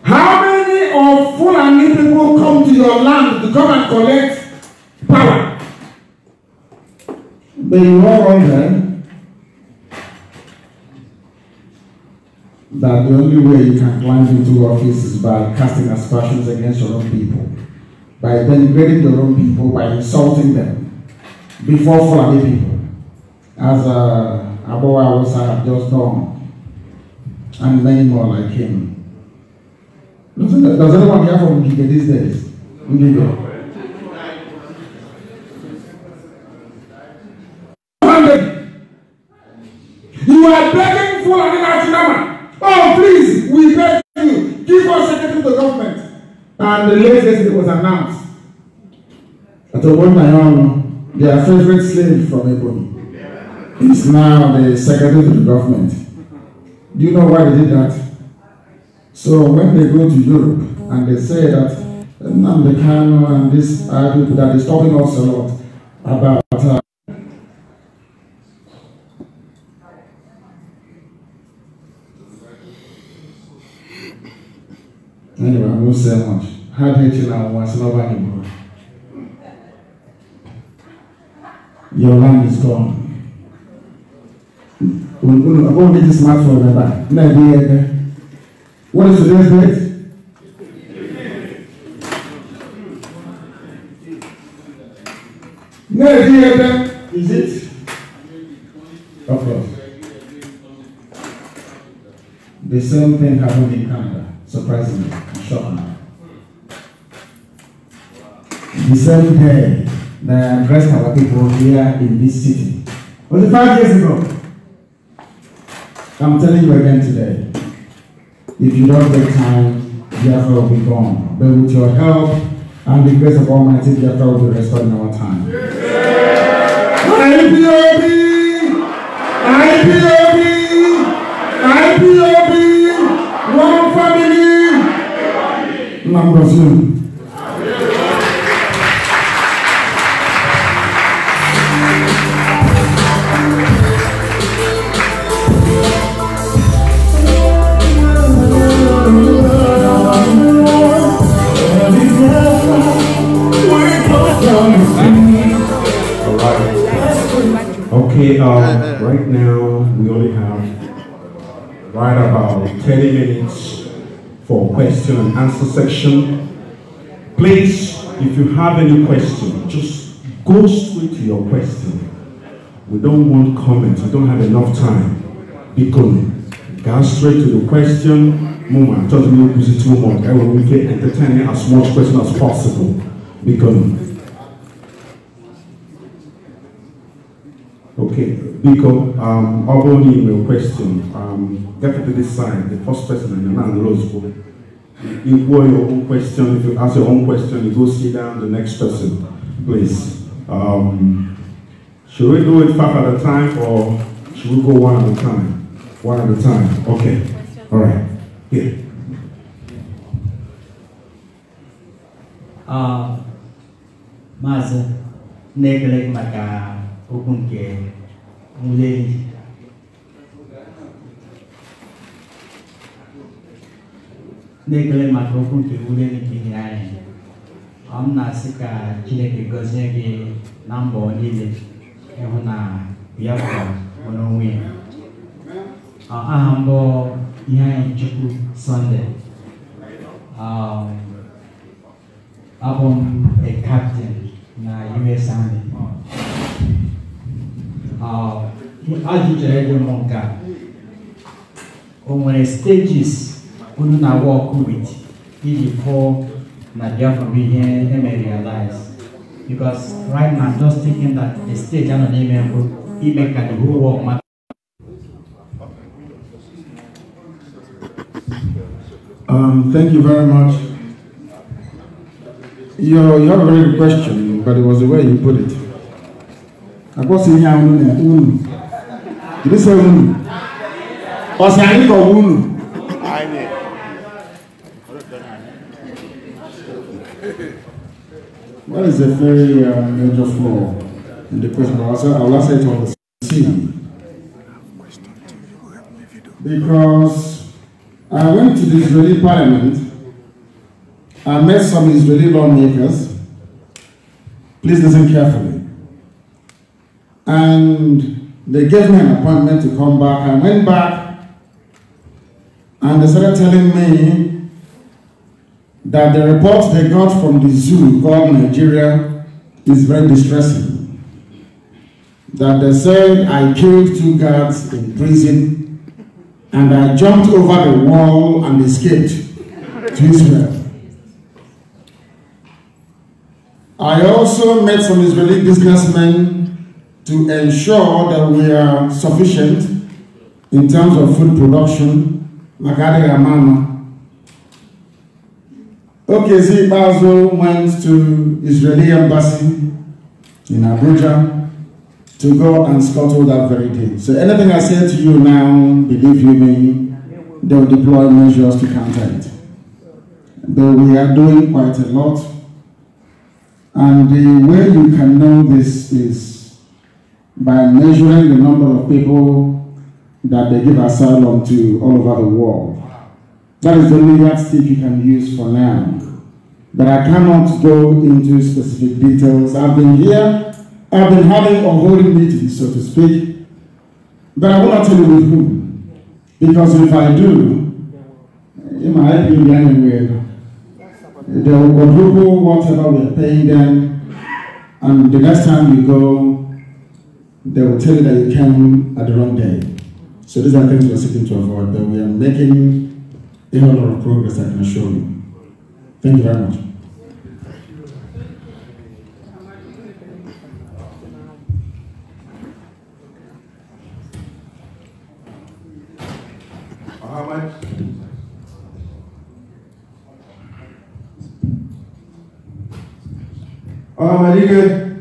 How many of Fulani people come to your land to come and collect power? They know all them that the only way you can climb into office is by casting aspersions against your own people by denigrating the wrong people, by insulting them before Fulani people, as uh, Abu Awasa had just done, and many more like him. Does anyone hear from Ngige these days? Ngige. And the latest it was announced that one my own, their favorite slave from Ebony is now the secretary to the government. Do you know why they did that? So when they go to Europe and they say that Nnamdi uh, Kanu and these are people that is talking us a lot about uh, Anyway, I won't say much. ha dị echi na wasilaba n'Igbo your land is gone unu abụọ gị ji smartphone ebe a na-ede ya ede what is today's date na-ede ya ede is it of course the same thing happened in Canada surprisingly and shockingly the same day that I addressed our people here in this city. Was it five years ago? I'm telling you again today. If you don't take time, Biafra will be gone. But with your help and the grace of Almighty, Biafra will be restored in our time. IPOB! IPOB! IPOB! One family! Number two. Okay, um, right now we only have right about 30 minutes for question and answer section. Please, if you have any question, just go straight to your question. We don't want comments, we don't have enough time. Because go straight to the question. Muma, just me busy too much. I will make it entertaining as much question as possible. Because Okay, Biko, um, ọ bụrụ na ị question, um, to this side, the first person and your hand rose If You want your own question, if you ask your own question, you go sit down the next person, please. Um, should we do it five at a time or should we go one at a time? One at a time, okay. All right, here. Uh, Maazị, na-ekele maka मुझे ही देखले माथोकुं नहीं उले निकली गिराए हम नासिक का किले के गजे के नाम बोली ले हाँ, हाँ, यहाँ ना बिया को मनोवे आ हम बो यहाँ चुकु संडे आ अब हम एक कैप्टन ना यूएस आने uh, stages with realize because right now just thinking that the stage the whole Um, thank you very much. You, you have a very good question, but it was the way you put it akwụsị ihe ahụ na unu jidesi unu ọsị anyị ka ọ bụ unu That is a very uh, major flaw in the question. I'll say I'll answer it on the scene. Because I went to the Israeli parliament, I met some Israeli lawmakers. Please listen carefully. And they gave me an appointment to come back. I went back and they started telling me that the report they got from the zoo called Nigeria is very distressing. That they said I killed two guards in prison and I jumped over the wall and escaped to Israel. I also met some Israeli businessmen to ensure that we are sufficient in terms of food production Okay, Ramama. OKZ Basel went to Israeli embassy in Abuja to go and scuttle that very day. So anything I say to you now, believe you me, they'll deploy measures to counter it. Though we are doing quite a lot. And the way you can know this is by measuring the number of people that they give asylum to all over the world. That is the only yardstick you can use for now. But I cannot go into specific details. I've been here, I've been having a holding meeting, so to speak, but I will not tell you with whom. Because if I do, it might be anywhere. They will quadruple whatever we're paying them, and the next time we go, they will tell you that you came at the wrong day. So these are things we're seeking to avoid, but we are making a whole lot of progress, I can assure you. Thank you very much. Ahmed. Ahmed, you good?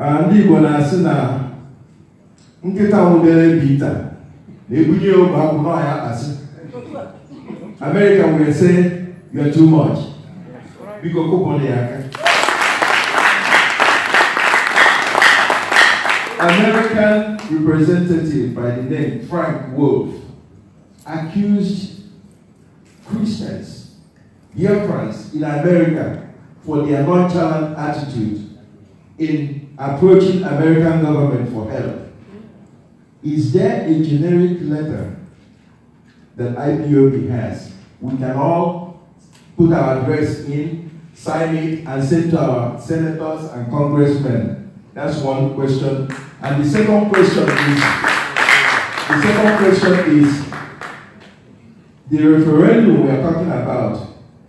ndị Igbo na-asị na nkịta nwụdere na-ebunye ogbe n'ọhịa America wee sị you're too much biko kụpụrụ ya aka American representative by the name Frank Wolf accused Christians, here in America for their nonchalant attitude in approaching American government for help. Is there a generic letter that IPOB has? We can all put our address in, sign it, and send to our senators and congressmen. That's one question. And the second question is, the second question is, the referendum we are talking about,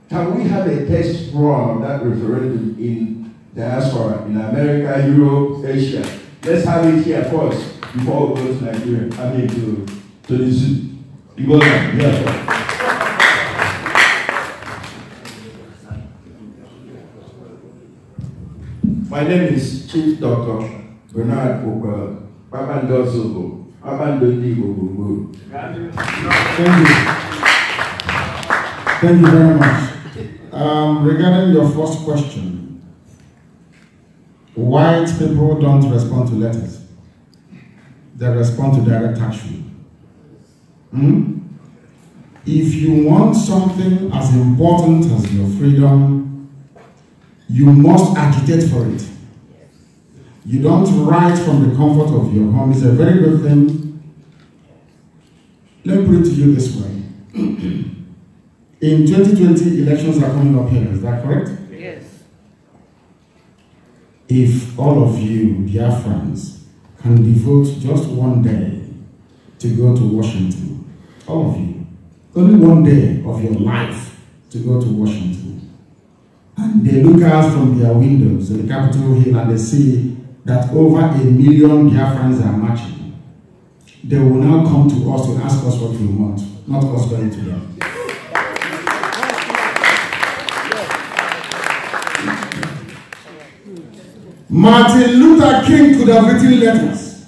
can we have a test run on that referendum in diaspora in America, Europe, Asia. Let's have it here first before we go to Nigeria. I mean to, to the zoo. You go down. Yeah. My name is Chief Doctor Bernard Okwel, Babando Zobo, Dodi Ndigo Thank you. Thank you very much. Um, regarding your first question, White people don't respond to letters. They respond to direct action. Hmm? If you want something as important as your freedom, you must agitate for it. You don't write from the comfort of your home. It's a very good thing. Let me put it to you this way. <clears throat> In 2020, elections are coming up here, is that correct? If all of you, dear friends, can devote just one day to go to Washington, all of you, only one day of your life to go to Washington, and they look out from their windows at the Capitol Hill and they see that over a million dear friends are marching, they will now come to us to ask us what we want, not us going to them. Martin Luther King could have written letters,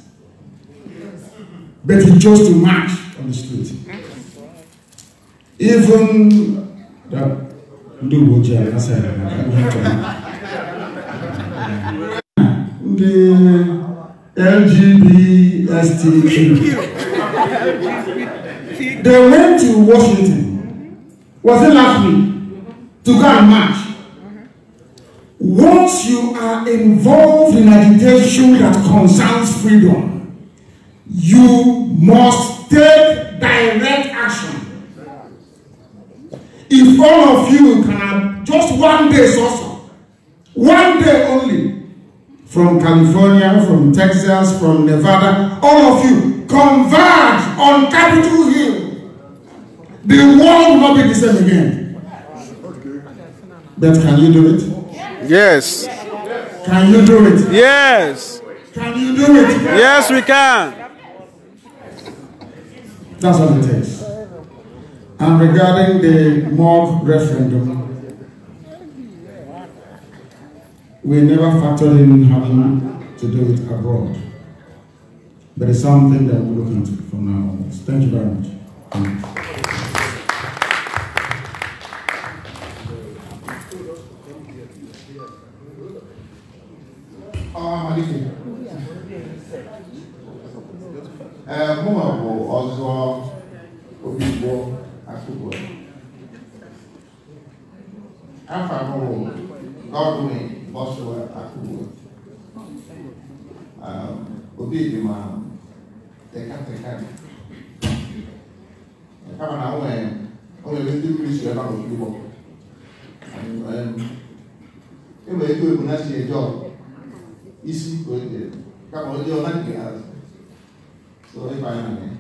but he chose to march on the street. Even that the LGBTQ. They went to Washington, was it last week, to go and march. Once you are involved in agitation that concerns freedom, you must take direct action. If all of you can just one day also one day only, from California, from Texas, from Nevada, all of you converge on Capitol Hill. The world will not be the same again. But can you do it? Yes. Can you do it? Yes. Can you do it? Yes, we can. That's what it takes. And regarding the mob referendum, we never factored in having to do it abroad. But it's something that we're looking at from now on. Thank you very much. serikali kama na ule ule wezi mwisho ya mambo kubwa ebe ego ego na si ẹjọ́ isi ko ede kama ọjọ́ ọ̀nà nke ha so ịba ya na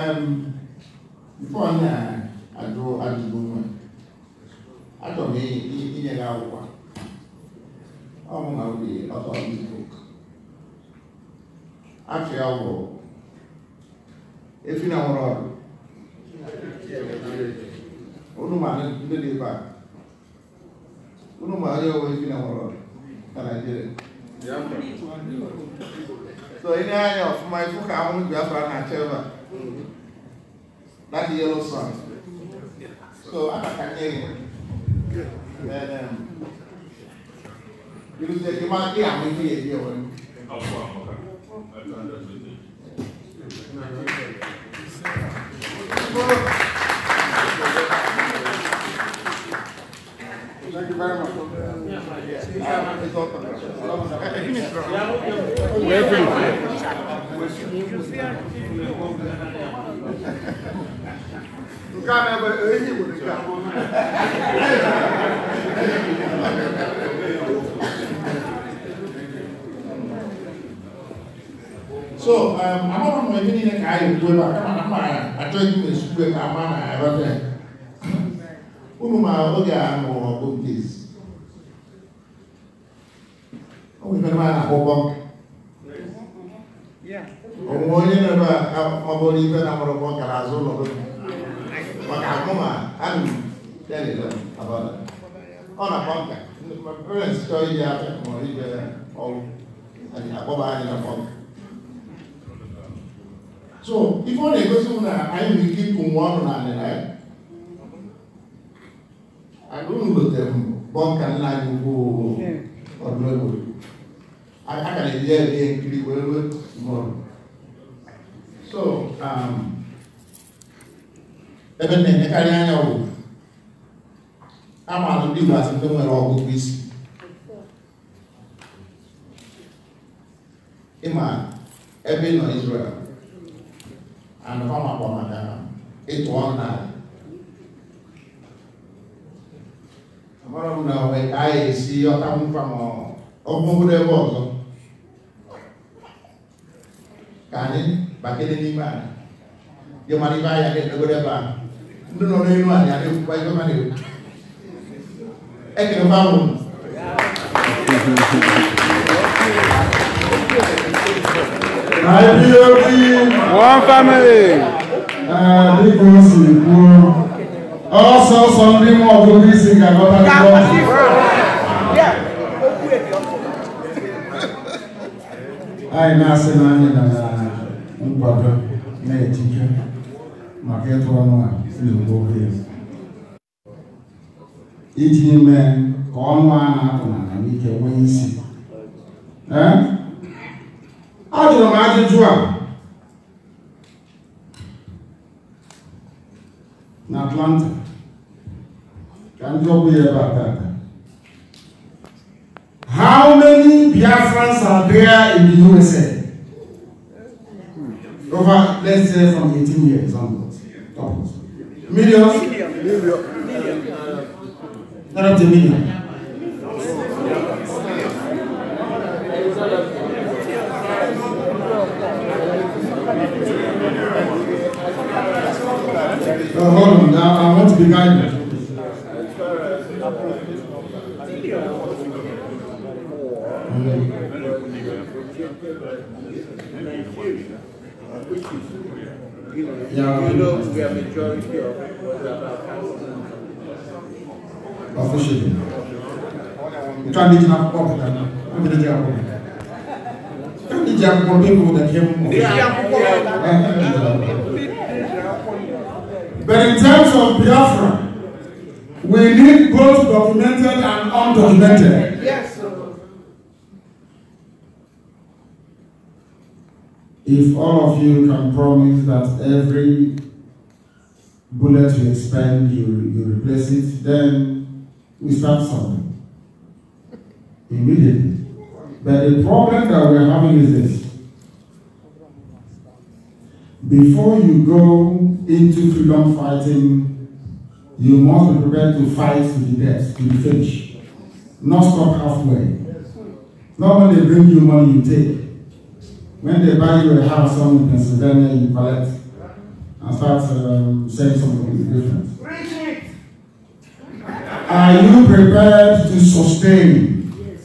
um before na adụ adụgo nwa achọ m inye gị akwụkwọ ọ mụ na obi ọtọ ndị book afọ ya ọ bụrụ efi na nwụrụ ọrụ unu ma ndị dị ebe a unu ma onye owe efi na nwụrụ ọrụ na Naịjirịa so ị na-anya ọfụma ifu ka ahụhụ Biafra na-achọ that yellow sun so akakanye gị Irúgbẹ́ kí máa dé àwọn ilé ẹ̀dí ọ̀rẹ́. Thank you very much. Nke a So, um, I'm ebi niile ka anyị kwuo ebe a kama na mma achọghị m esukwu ebe ama na ebe unu ma oge a mụrụ ọgụ nke isi o nwere m a na-akpụkpọ onwe onye nọ ọ bụrụ ife na mụrụ ọ gara azụ ụlọ maka akụma adụ telele abala ọ na-akpọ nka parents chọọ iji afọ mụrụ ibe ọrụ akpọba anyị na pọnka So, if ọ na-egosi m na anyị nwere ike ịkụ nwa ọrụ n'ala na ya, agụrụ gotere m bọnka nna anyị ukwu ọdụegwu. A ka na-eji ya ihe nkiri wee wee mụrụ. So, um, ebe na-enyekarị anya bụ amaara ndị Igbo asị ndị nwere ọgụgụ isi. Ịma ebe ị nọ Israel and Farmer Bomadana, 819. Ọmọdé mu náà wẹ̀ ayé sí ọ̀tá mú fáwọn ọgbọ́n múlẹ̀ ẹ̀wọ̀ ọ̀zọ́. Kàní bàkélé n'ime àná. Yẹ máa ní bá ayé àgbẹ̀ ẹ̀dẹ́gbẹ́dẹ́ bá. Ndú nọ n'elu àná àná ekú báyìí bá nìyẹn. Ẹ kìlọ̀ fáwọn. Thank you. One family. Also, something more to be sing about anyị na-asị na anyị na nkwado na-ejike maka ịtụ ọnụ a na-egbu oge iji mee ka ọnụ a na-apụ n'ala n'ike nwee isi ee ajụrụ m ajụjụ a na Atlanta ka ndị ọgwụ ya ebe a tata how many Biafrans are there in the USA over let's say from 18 years onwards upwards millions million. not up to million behind it. Yeah. You know, we are majority of was about Officially. Trying to get up of that. I'm going to get up of that. Trying to get up of people that came. Yeah. Uh-huh. of Biafra, we need both documented and undocumented. Yes, If all of you can promise that every bullet you expend, you, you replace it, then we start something immediately. But the problem that we're having is this. Before you go into freedom fighting You must be prepared to fight to the death, to the finish. Not stop halfway. Not when they bring you money, you take. When they buy you a house somewhere in Pennsylvania, you collect and start um, saying something different. Are you prepared to sustain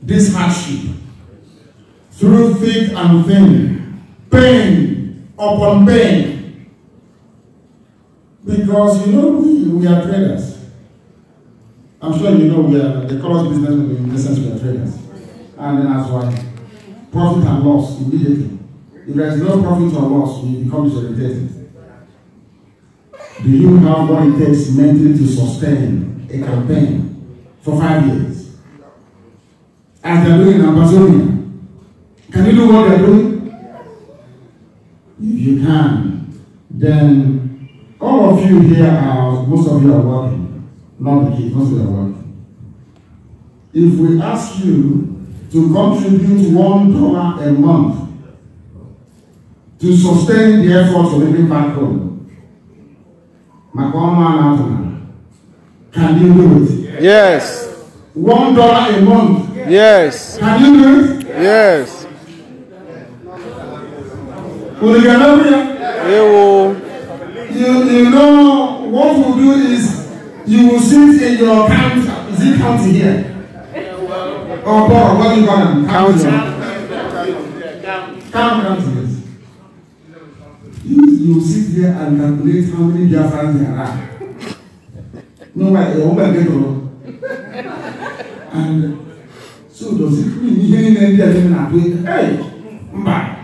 this hardship through thick and thin, pain upon pain? Because you know we, we are traders. I'm sure you know we are the colors business in essence we are traders. And that's why profit and loss immediately. If there is no profit or loss, we become irritated. Do you have what it takes mentally to sustain a campaign for five years? As they're doing in Amazonia. Can you do what they're doing? If you can, then All of you here are, most of you are working. Not the kids, most of you are working. If we ask you to contribute one dollar a month to sustain the efforts of living back home, my common man, can you do it? Yes. One dollar a month. Yes. Can you do it? Yes. Unu ga-eme ya? Ewo you, you know, what we'll do is you will sit in your count, is it county here? Oh, Paul, what do you call them? County. Count counties. You, you sit here and calculate how many are there are. No, but you won't get it And so does it mean hearing any of them and hey, bye.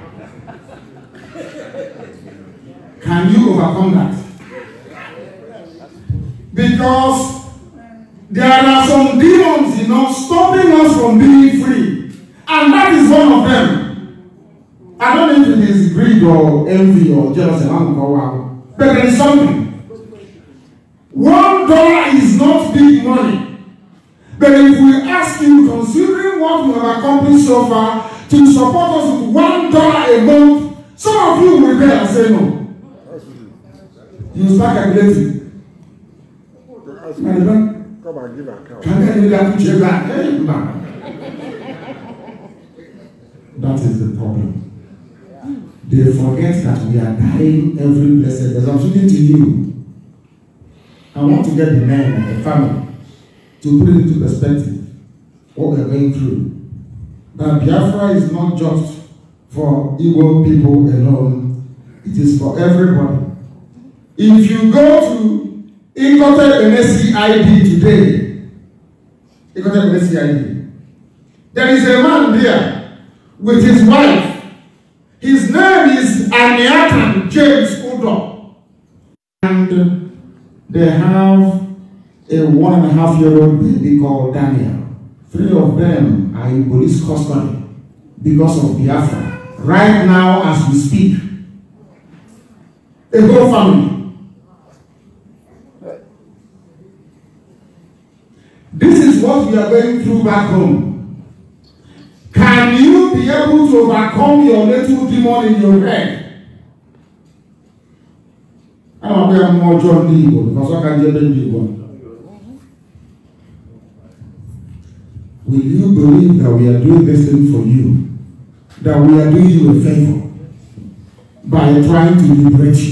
Can you overcome that? Because there are some demons, you know, stopping us from being free. And that is one of them. I don't know if it is greed or envy or jealousy, but there is something. One dollar is not big money. But if we ask you, considering what we have accomplished so far, to support us with one dollar a month, some of you will be and say no you start calculating come and give account can I give you that back that is the problem they forget that we are dying every blessed day. I'm speaking to you. I want to get the men and the family to put it into perspective what we are going through. That Biafra is not just for Igbo people alone, it is for everybody. If you go to Ikotep Enesi today, Ikotep Enesi there is a man there with his wife. His name is Aniatan James Udon. And they have a one and a half year old baby called Daniel. Three of them are in police custody because of Biafra. Right now, as we speak, a whole family This is what we are going through back home. Can you be able to overcome your little demon in your head? I na-akpọ ya mmụọ ọjọọ ndị Igbo because I can't dị ebe ndị Igbo Will you believe that we are doing this thing for you? That we are doing you a favor by trying to liberate you?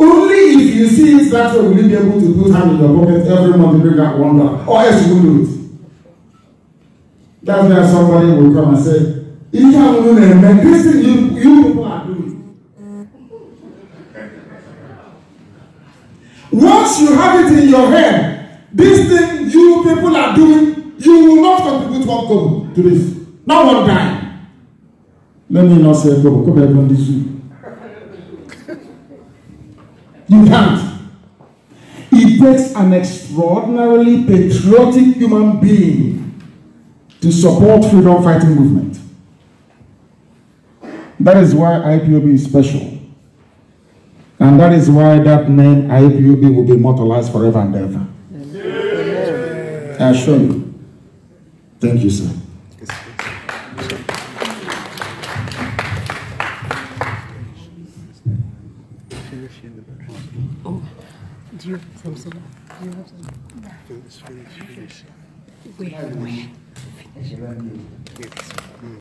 Only if you see that way will you be able to put hand in your pocket every month to bring out one dollar, or else you will do it. That's why somebody will come and say, If I'm going to make this thing, you, you people are doing. Once you have it in your head, this thing you people are doing, you will not contribute one kobo to this. Not one dime. Let me not say kobo, kobo everyone this week. You can't. It takes an extraordinarily patriotic human being to support freedom fighting movement. That is why IPOB is special. And that is why that name IPOB will be immortalized forever and ever. I assure you. Thank you, sir. we will finish.